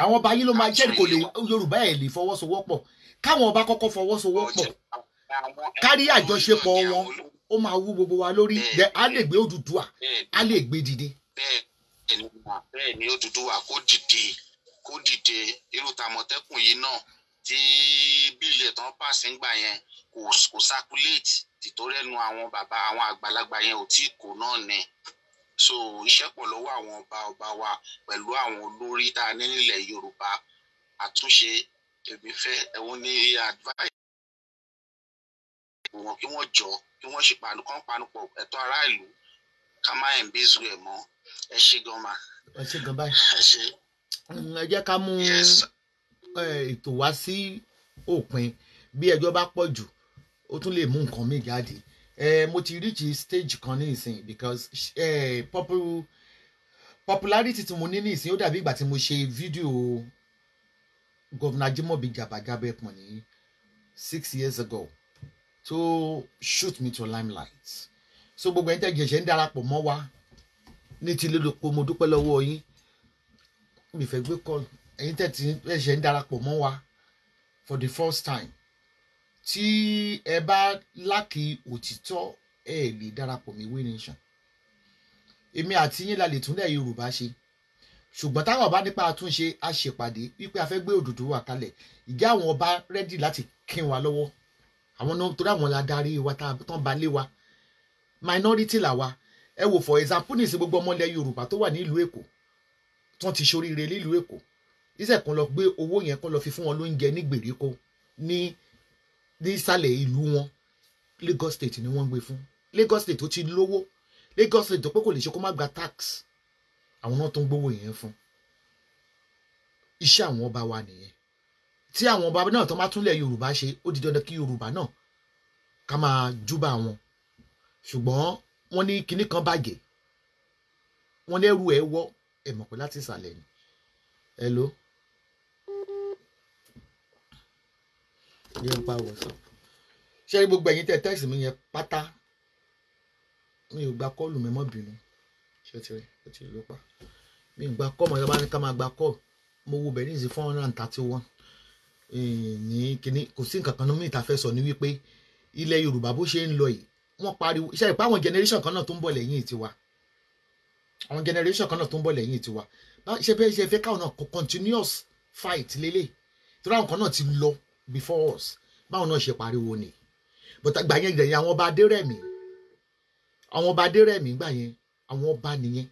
àwọn ọba yìí ló máa jẹ́ kò lè yorùbá ẹ̀ lè fọwọ́sowọ́pọ̀ káwọn ọba kọ́kọ́ fọwọ́sowọ́pọ̀ kárí àjọṣepọ̀ wọn ó máa wú gbogbo wa lórí a lè gbé Odùduwà a lè gbé dìde. bẹ́ẹ̀ ni Odùduwà kó dìde kó dìde irú tàmọ̀tẹ́kùn yìí náà tí bíìlì ẹ̀tàn pàṣẹ ń gbà yẹn kò sàkúlẹ̀tì tìtorí ẹnu àwọn bàbá àwọn àgbàlagbà yẹn ò tí ì kó náà nẹ so iṣẹ́ pọ̀ lọ́wọ́ àwọn ọba ọba wa pẹ̀lú àwọn olórí tá a ní nílẹ̀ Yorùbá àtúnṣe èmi fẹ́ ẹ̀wọ̀n ní advice wọn kí wọ́n jọ kí wọ́n ṣe panu kán panu pọ̀ ẹ̀tọ́ aráàlú ká má ẹ̀ ń bẹ́sù ẹ̀ mọ́ ẹ ṣe gan ma. ẹ ṣe gan báyìí ẹ jẹ́ ká mú ètò wá sí òpin bí ẹjọ́ bá pọ̀ jù ó tún lè mú nǹkan mi jáde mo ti reach stage kan ní ìsìn because eh, popularity tí mo ní ní ìsìn ó dàbí ìgbà tí mo ṣe fídíò gọ́vnà Ajimobi Gabagaba Ekpan ní six years ago to shoot me to limelight so gbogbo ẹni tẹ́jẹ̀ ṣe ń darapọ̀ mọ́ wa ní ti lódopo mo dúpẹ́ lọ́wọ́ yín mi fẹ́ gbé kọ́ ẹ̀yin tẹ́tí ẹ̀ṣẹ̀ ń darapọ̀ mọ́ wa for the first time tí ẹ bá lákì òtítọ́ ẹ lè darapọ̀ mí wí nation èmi àti yín la lè túnlẹ̀ Yorùbá ṣe ṣùgbọ́n táwọn ọba nípa àtúnṣe a ṣèpàdé wípé a fẹ́ gbé Odùduwà kalẹ̀ ìjà àwọn ọba rẹ́dì láti kín wa lọ́wọ́ àwọn náà torí àwọn adarí wa tán ba lé wa minority làwa ẹ wò for example nìsí gbogbo ọmọ ilẹ̀ Yorùbá tó wà nílùú Èkó tán ti ṣoríire nílùú Èkó ìṣẹ̀ kan lọ gbé owó yẹn kan lọ fi fún wọn lóúnjẹ ní gbèríko ní nísàlẹ̀ ìlú wọn Lagos state ni wọ́n ń gbé fún Lagos state ó ti lówó Lagos state tó pé kò lè ṣe kó má gba tax àwọn náà tó ń gbowó yẹn fún iṣẹ́ àwọn ọba wa nìyẹn tí àwọn ọba náà tó má túnlẹ̀ Yorùbá ṣe ó di dandan kí Yorùbá náà ká máa júbà wọn ṣùgbọ́n wọ́n ní kinní kan bàjẹ́ wọ́n lẹ́rù ẹ̀ wọ́ ẹ̀ mọ̀ pé láti ìsàlẹ̀ ni ẹ lóò. ní nípa WhatsApp ṣé gbogbo ẹ̀yin tẹ́ tẹ́sì mi yẹn pátá mi ò gba kọ́ọ̀lù mi mọ́ bínú ṣé ti rí ó ti rí pa mi ò gba kọ́ọ̀ mọ̀ yọba ní ká máa gba kọ́ọ̀ mo wo bẹ̀rẹ̀ ní four hundred and thirty one ní kíní kò sí nǹkan kan mi ìta fẹ́ sọ ní wípé ilẹ̀ Yorùbá bó ṣe ń lọ yìí wọ́n pariwo iṣẹ́ ìpá àwọn generation kan náà tó ń bọ̀ lẹ́yìn tiwa àwọn generation kan náà tó ń bọ̀ lẹ́yìn tiwa bá ṣe fẹ́ ṣe fẹ́ káwọn náà continuous fight lélẹ̀ torí àwọn kan náà ti lọ before us báwọn náà ṣe pariwo ni but gbà yẹn gbẹ̀yìn àwọn ọba adérẹ̀mí àwọn ọba adérẹ̀mí gbà yẹn àwọn ọba nìyẹn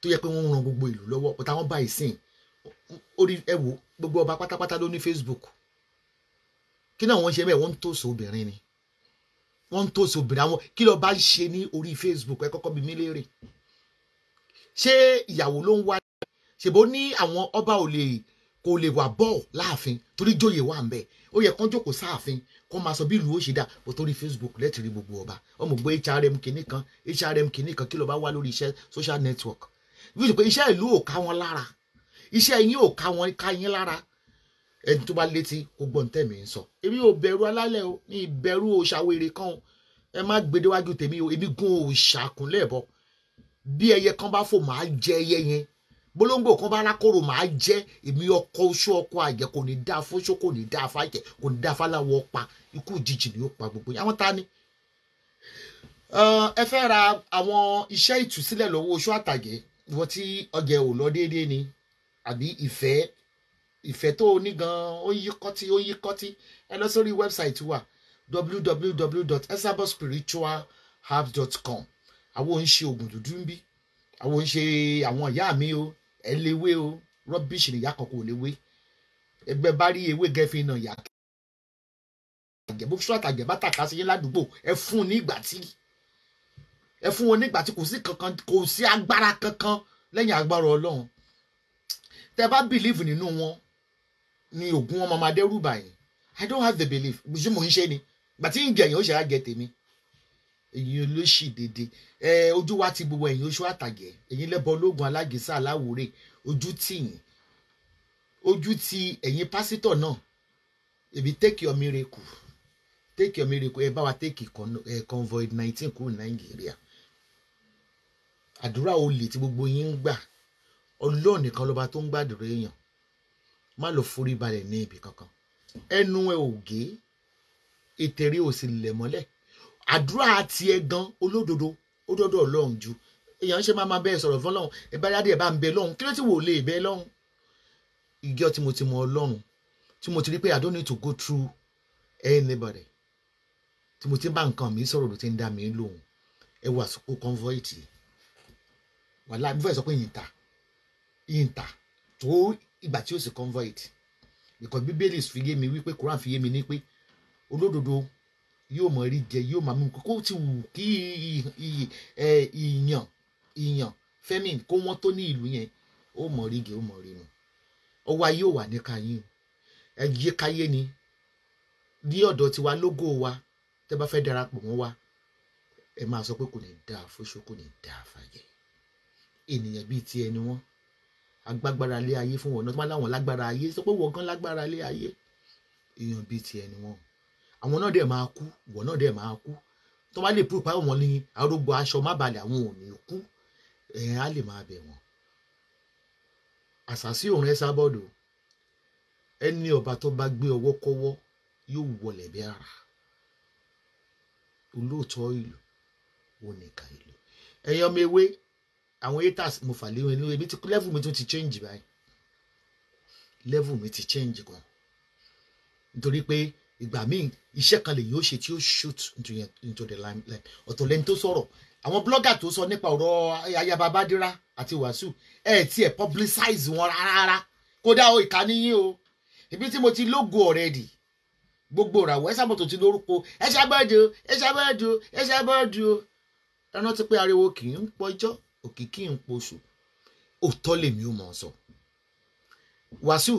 tó yẹ pé wọ́n ran gbogbo ìlú lọ́wọ́ but àwọn ọba ìsìn orí ẹ wo gbogbo ọba pátápátá ló ní Facebook kí náà wọ́n ṣe bẹ́ẹ̀ wọ́n ń tòṣe obìnrin ni wọ́n ń tòṣe obìnrin àwọn kí lọ́ọ́ bá ń ṣe ní orí Facebook ẹ kọ́kọ́ bí mí léèrè ṣé ìyàwó ló ń wá ṣèbó ní àwọn ọba ò lè kò lè wà bọ́ọ̀ láàfin torí jóyè wà ń bẹ̀ ó yẹ kán jókòó sáàfin kó máa sọ bí ìlú ó ṣe dà bó torí Facebook lẹ́tì rí gbogbo ọba ọmọ gbé HRM kìíní kan HRM kìíní kan kí ló bá wá lórí iṣẹ́ social network bí wọ́n pé iṣẹ́ ìlú ò ká wọn lára iṣẹ́ yín ò ká wọn ká yín lára ẹni tó bá létí kó gbọ́n tẹ̀mí ń sọ èmi ò bẹ̀rù alálẹ̀ o ní ìbẹ̀rù òṣàwèrè kan o ẹ má gbedewájú tèmi o èmi gun òṣàkúnlẹ̀ bọ bí ẹyẹ kan bá fò máa jẹ ẹyẹ yẹn bolongo kan bá alákòrò máa jẹ èmi ọkọ oṣù ọkọ àjẹ kò ní dáa fóṣó kò ní dáa fàjẹ kò ní dáa fàláwọ pa ikú òjijì ni ó pa gbogbo yẹn àwọn ta ni. ẹ fẹ́ ra àwọn iṣẹ́ ìtúsílẹ̀ lọ́wọ́ oṣù àtàgé ìwọ tí ọjà ò lọ déédéé ni àbí ìfẹ́ ìfẹ́ tó o ní gan-an ó yí kọ́tí ó yí kọ́tí ẹ lọ sórí wẹ́bsáìtì wa www.esabospiritualhub.com àwọn ò ń ṣe oògùn dúdú ń bí àwọn ò ń ṣe àwọn ìyá mi o ẹ lè wé o rọ́bìṣì nìyá kọ̀ọ̀kan ò lè wé ẹgbẹ́ bá rí ewé gẹ́fì náà yà àjẹ́ bó sọ àtàjẹ́ bá tàka sí yín ládùúgbò ẹ fún un nígbà tí ẹ fún wọn nígbà tí kò sí kankan kò sí agbára kankan lẹ́yìn agbára ọlọ́run tẹ bá bìlíìfù nínú wọn ni ògùn wọn máa dẹ́rù báyìí i don't have the belief bí mo ń ṣe ni gbàtí ń jẹ̀yìn ó ṣe àjẹ tèmi ẹ̀yin olóṣì dédé ẹ ojú wa ti gbowó ẹ̀yin oṣù àtàgẹ̀ ẹ̀yin lẹ́bọ ológun alágẹ̀sà aláwòrè ojú tì yín ojú ti ẹ̀yin pásítọ̀ náà èmi take your miracle take your miracle ẹ bá wa take convoy nineteen kúrò nàìjíríà àdúrà olè tí gbogbo yín ń gbà ọlọ́ọ̀ nìkan lọ́ba tó ń gbàdúrà èèyàn má lọ forí balẹ̀ ní ibì kankan ẹnu ẹ ò gé ètè ò sì lẹ̀ mọ́lẹ̀ àdúrà tiẹ̀ gan olódodo ó dọ́dọ̀ ọlọ́run ju èèyàn ṣe máa máa bẹ́ẹ̀ sọ̀rọ̀ fún ọlọ́run ẹ bá bá ń bẹ lọ́run kí ló ti wò lè bẹ lọ́run ìjọ tí mo ti mọ ọlọ́run tí mo ti rí pé I don't need to go through anybody tí mo ti bá nǹkan mi sọ̀rọ̀ ló ti ń dá mi lóhùn ẹ wà sọ́kò kọ́ńfọ́ìtì wàhálà bí fẹ́ sọ pé yìntà yìntà tó ìgbà tí ó sì kọ́ńfọ́ìtì because bíbélì fi yé mi wípé Quran fi yé mi ní pé olódodo yóò mọ̀ rí jẹ yóò máa mú kókó ti wù kí ìyàn ìyàn fẹ́mìn kó wọ́n tó ní ìlú yẹn ó mọ̀ rí jẹ ó mọ̀ rí nu ọwọ́ ayé ò wà ní kayín ẹyẹ káyé ni ní ọ̀dọ̀ tiwa lógo wa tẹ́ bá fẹ́ darapọ̀ mọ́ wa ẹ máa sọ pé kò ní dáa fóṣó kò ní dáa fàyè ènìyàn bíi tiẹ̀ ni wọ́n agbágbára lé ayé fún wọn náà tó máa láwọn lágbára ayé sọ pé wọ́n gan lágbára lé ayé èèyàn bíi tiẹ̀ ni wọ́n àwọn náà dẹ̀ máa kú ìwọ náà dẹ̀ máa kú tó bá lè púpà wọn ní arógbó aṣọ má balẹ̀ àwọn ò ní kú ẹ̀yìn á lè máa bẹ̀ wọ́n. àṣàsí òun ẹ sábọ́dọ̀ ẹni ọba tó bá gbé ọwọ́ kọ́wọ́ yóò wọlé bí ara olóòótọ́ ìlú òun ìlú ẹ̀yin ọmọ ewé àwọn haters mo fà léwọn ẹni ebi tí level mi tún ti change báyìí level mi ti change gan nítorí pé ìgbà míì iṣẹ́ kan lè yóò ṣe tí ó shoot into, into the limelight ọ̀tọ̀ lẹni tó sọ̀rọ̀ àwọn blogger tó sọ nípa ọ̀rọ̀ ayaba bádíra àti wàsíù ẹ̀ tiẹ̀ publicize wọn rárá kódà ó ìka níyìn o ibi tí mo ti lógo already gbogbo ìràwọ̀ ẹ sábà tó ti lórúkọ ẹ ṣàbẹ̀dì o ẹ ṣàbẹ̀dì o ẹ ṣàbẹ̀dì o ẹ rántí pé ariwo kì í ń pọjọ́ òkì kì í ń poṣù òótọ́ lèmi ò mọ̀ ọ́ sọ wàsíù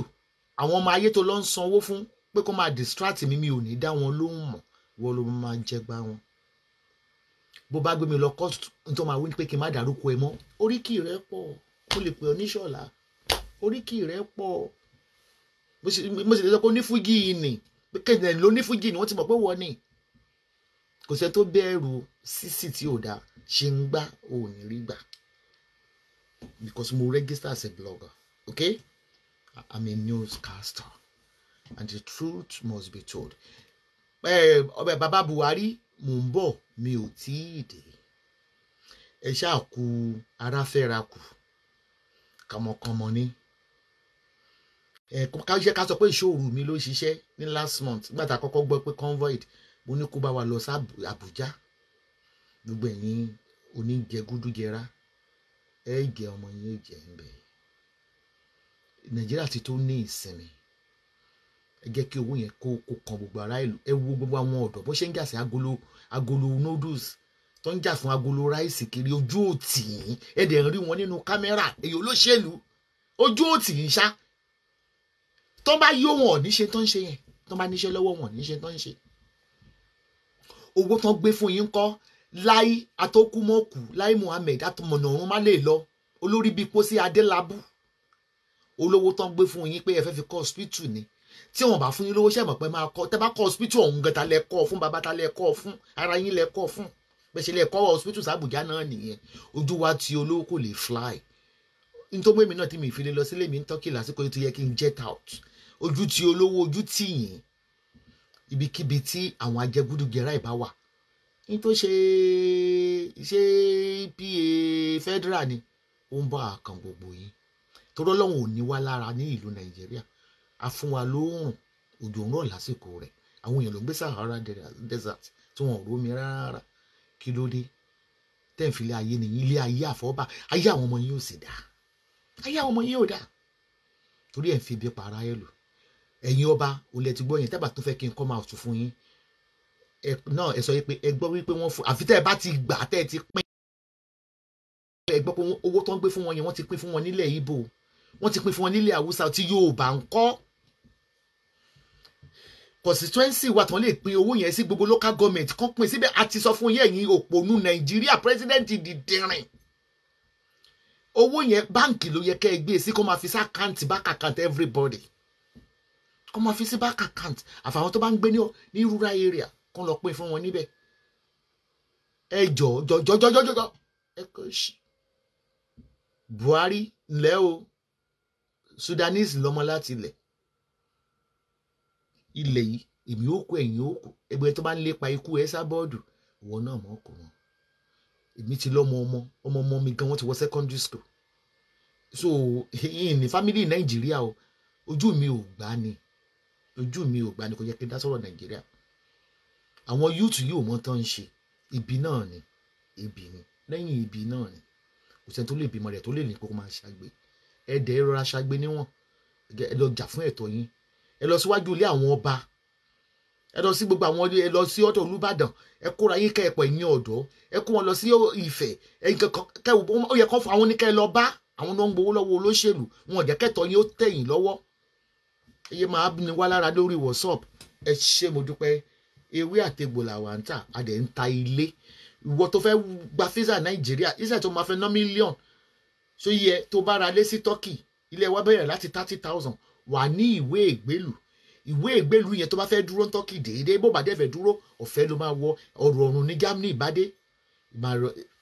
àwọn ọmọ ayé tó lọ ń sanwó fún pé kó máa distract mi mi ò ní dá wọn lóhùn mọ́ wọ́n ló máa jẹ gbá wọn bó bá gbé mi lọ kóòtù nítorí máa wí pé kí n má dárúkọ ẹ mọ́ oríkì rẹ pọ̀ mo lè pè ọ ní ṣọlá oríkì rẹ pọ̀ mo sì lè sọ pé onífújì yìí nì kẹ̀dẹ̀ ló onífújì ni wọ́n ti mọ̀ pé wọ́n ni kò sẹ́ tó bẹ̀rù sísì tí ò dáa ṣe ń gbá ò ní rí gbà because mo register as a blogger okay I'm a newscaster and the truth must be told. Eh, ọbẹ̀ bàbá Buhari mò ń bọ̀ mi ò tí ì dé ẹ ṣáà ku ara fẹ́ra kù kọmọkọmọ ni ẹ̀ẹ́dẹ́gbọ́n ká jẹ́ ká sọ pé ìṣòro mi ló ṣiṣẹ́ ní last month nígbà tá a kọ́kọ́ gbọ́ pé convoy mo ní kó bá wa lọ sí Àbújá gbogbo ẹ̀yin oníjẹgúdújẹrá ẹ ọmọ yín ó ń bẹ Nàìjíríà ti tó ní ìsinmi ẹ jẹ́ kí owó yẹn kó kó kan gbogbo ará ìlú ẹ wo gbogbo àwọn ọ̀dọ́ bó ṣe ń jà sí agolo agolo noodles tó ń jà fún agolo ráìsì kiri ojú òtì yìí ẹ dẹ̀ ń rí wọn nínú kámẹ́rà èyí olóṣèlú ojú òtì yìí ṣá tó bá yó wọn ò ní ṣe tó ń ṣe yẹn tó bá níṣẹ́ lọ́wọ́ wọn ò ṣe tó ń ṣe owó tán gbé fún yín kọ́ láì atókùmọ̀kù láì Muhammed atọmọ̀nà ọ̀run má lè lọ olórí bíi pósí adélábù olówó tán gbé fún yín pé ẹ fẹ́ fi kọ́ hospital ni tí wọn bá fún yín lówó ṣẹ̀mọ̀ pé máa kọ́ tẹ́ bá kọ́ hospital ọ̀hún gan ta lẹ kọ́ fún bàbá ta lẹ kọ́ fún ara yín lẹ kọ́ fún bẹ́ẹ̀ lẹ kọ́ hospital sàbùjá náà nìyẹn ojú wa ti olówó kò lè fly nítorí èmi náà tí mi fi lè lọ sílé mi ń tọ́kì lásìkò yìí tó yẹ kí n jet out ojú ti olówó ojú tì yín ibikíbi tí àwọn ajẹgúdúgẹrá ìbá wà ní tó ṣe ṣe pa federal ni ó ń bá àkàn gbogbo yín torọ́ ò ní wá lára ní ìlú nàìjíríà a fún wa lóòrùn òjò ń rọ̀ lásìkò rẹ̀ àwọn èèyàn ló ń gbé Sahara desert tí wọn ò rómi rárá kí ló dé tẹ́ǹfìlẹ̀ ayé nìyí ilé ayé àfọ́bà ayé àwọn ọmọ yín ò sì dáa ayé àwọn ọmọ yín ò dáa torí ẹ̀ ń fi ibi para ẹ lò ẹ̀yin ọba olè ti gbọ́ yẹn tẹ́bà tó fẹ́ kí n kọ́ máa tù fún yín náà ẹ sọ yìí pé ẹ gbọ́ wípé wọ́n fún àfi ẹ bá ti gbà tẹ́ ẹ ti pín ẹ gbọ́ pé owó tó ń gbé fún wọn yẹn wọ́n ti pín fún wọn nílẹ̀ Ìgbò wọ́n ti pín fún wọn nílẹ̀ haúsá tí yorùbá ń kọ́ constituency wa tán lè pín owó yẹn sí gbogbo local government kan pín síbẹ̀ a ti sọ fún yẹn yín òpònú nàìjíríà president dìdìrín owó yẹn báǹkì ló yẹ kẹ́ ẹ gbé e sí kó máa fi sí account back account everybody kó máa fi sí back account àfàwọn tó bá ń gbé ní rural area kó lọ pín fún wọn níbẹ̀ ẹ jọ jọjọjọjọjọ ẹ kò sí Buhari ńlẹ́ o. Sudanese lọ́mọ láti ilẹ̀ ilẹ̀ yìí èmi ó kó ẹ̀yìn ó kó ẹgbẹ́ tó bá ń lépa ikú ẹ sábọ́ọ̀dù ìwọ náà mọ̀ kó wọn èmi ti lọ́mọ ọmọ ọmọ ọmọ mi gan wọ́n ti wọ secondary school so ìyìn ní family Nàìjíríà o ojú mi ò gbà ni ojú mi ò gbà ni kò yẹ kí n dá sọ̀rọ̀ Nàìjíríà àwọn youth yìí ò mọ tán ń ṣe ibi náà ni ibi ni lẹ́yìn ibi náà ni kò sẹ́ni tó lè bímọ rẹ̀ tó lè ní kó máa ṣàgbé ẹ̀dẹ̀ ìrora ṣagbe níwọ̀n ẹ lọ jà fún ẹ̀tọ́ yín ẹ lọ síwájú ilé àwọn ọba ẹ lọ sí gbogbo àwọn ẹ lọ sí ọ̀dọ̀ Olúbàdàn ẹ kóra yín kẹpọ ẹ̀yin ọ̀dọ́ ẹ kó wọn lọ sí Ifẹ̀ ẹ̀yin kankan kẹwò ó yẹ kó fún àwọn oníkẹ lọ bá àwọn náà ń gbowó lọ́wọ́ olóṣèlú wọn ò jẹ́ kẹ́tọ́ yín ó tẹ̀yìn lọ́wọ́ iye máa ní wá lára lórí WhatsApp ẹ ṣe mo dúpẹ́ ewé àtegbò làwà ń tà a dẹ̀ ń ta ilé ìwọ tó fẹ́ gba físà Nàìjíríà ìṣẹ̀ tó máa fẹ́ ná mílíọ̀nù ṣó yẹ tó bá ra lé sí turkey ilé wa bẹ̀rẹ̀ láti thirty thousand wà ní ìwé ìgbélù ìwé ìgbélù yẹn tó bá fẹ́ dúró ní turkey déédéé bó bá dẹ̀ fẹ́ dúró ọ̀fẹ́ ló máa wọ ọ̀rọ̀ ọ̀run ní germany ìbádé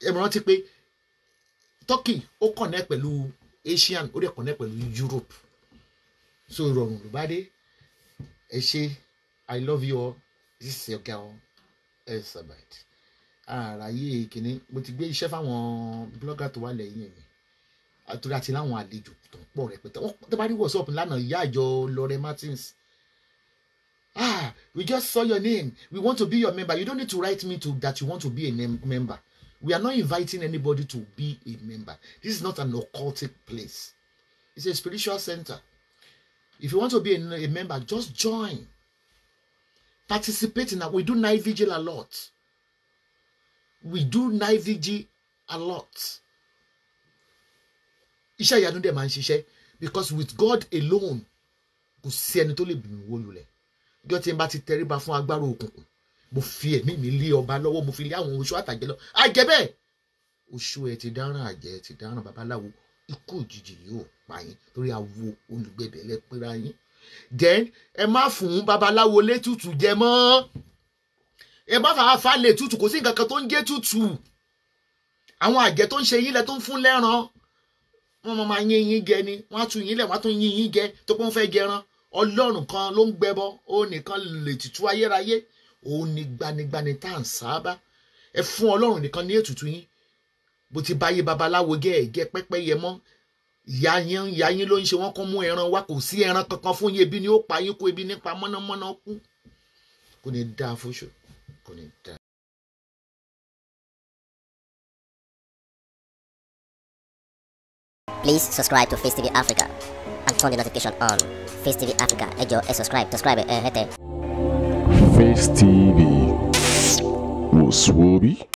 ẹ mọ̀ pé turkey ó connect pẹ̀lú asian ó dẹ̀ connect pẹ̀lú europe so ìrọ̀rùn ló bá dé ẹ ṣe i love you all this is your girl elizabeth àràyè kìnní mo ti gbé iṣẹ́ fáwọn blogger tó wà lẹ́yìn ẹ̀yìn torí àti láwọn àlejò tó ń pọ̀ rẹpẹtẹ wọ́n bá rí wọ́sọ̀p lánàá ìyá àjọ Lore Martins ah we just saw your name we want to be your member you don't need to write me to that you want to be a member we are not inviting anybody to be a member this is not an occultic place it's a spiritual center if you want to be a, a member just join participate in that we do night vigil a lot we do night vigil a lot iṣẹ́ ìyanu dẹ̀ máa ń ṣiṣẹ́ because with God alone kò sí ẹni tó lè bì mí wó lulẹ̀ ọjọ́ tí n bá ti tẹríba fún agbára òkùnkùn mo fi ẹ̀mí mi lé ọba lọ́wọ́ mo fi lé àwọn oṣù àtàjẹ́ lọ àjẹ́ bẹ́ẹ̀ oṣù ẹ̀ ti dáràn àjẹ́ ti dáràn babaláwo ikú òjijì yóò pa yín torí awo olùgbẹ̀bẹ̀ lẹ́pẹ́rẹ́ yín then ẹ má fún babaláwo létùtù jẹ mọ́ ẹ má fà á fà lè tútù kò sí nǹkan kan tó ń jẹ́ tútù àwọn àjẹ́ tó ń ṣe yín lẹ tó ń fún lẹ́ran wọ́n máa máa yín yín jẹ ni wọ́n á tún yín lẹ̀ wọ́n á tún yín yín jẹ tó pé wọ́n fẹ́ jẹran ọlọ́run kan ló ń gbẹbọ òun nìkan lè tìtú ayérayé òun ni gbanigbani tá à ń sábà ẹ fún ọlọ́run nìkan ní ètùtù yín bó ti báyé babaláwo gẹ́ ẹ̀ gẹ́ pẹ́pẹ́ yẹ mọ́ ìyá yín ìyá yín ló ń ṣe wọ́n kàn mú ẹran wá kò sí ẹran kankan fún yín ebi ni ó pa yín kó ebi nípa mọ́nàmọ́ná kú kò ní dáa fóṣù kò ní dáa. Please subscribe to Face TV Africa and turn the notification on. Face TV Africa, ejo, e subscribe, subscribe, eh, hey. Face TV was Swoby.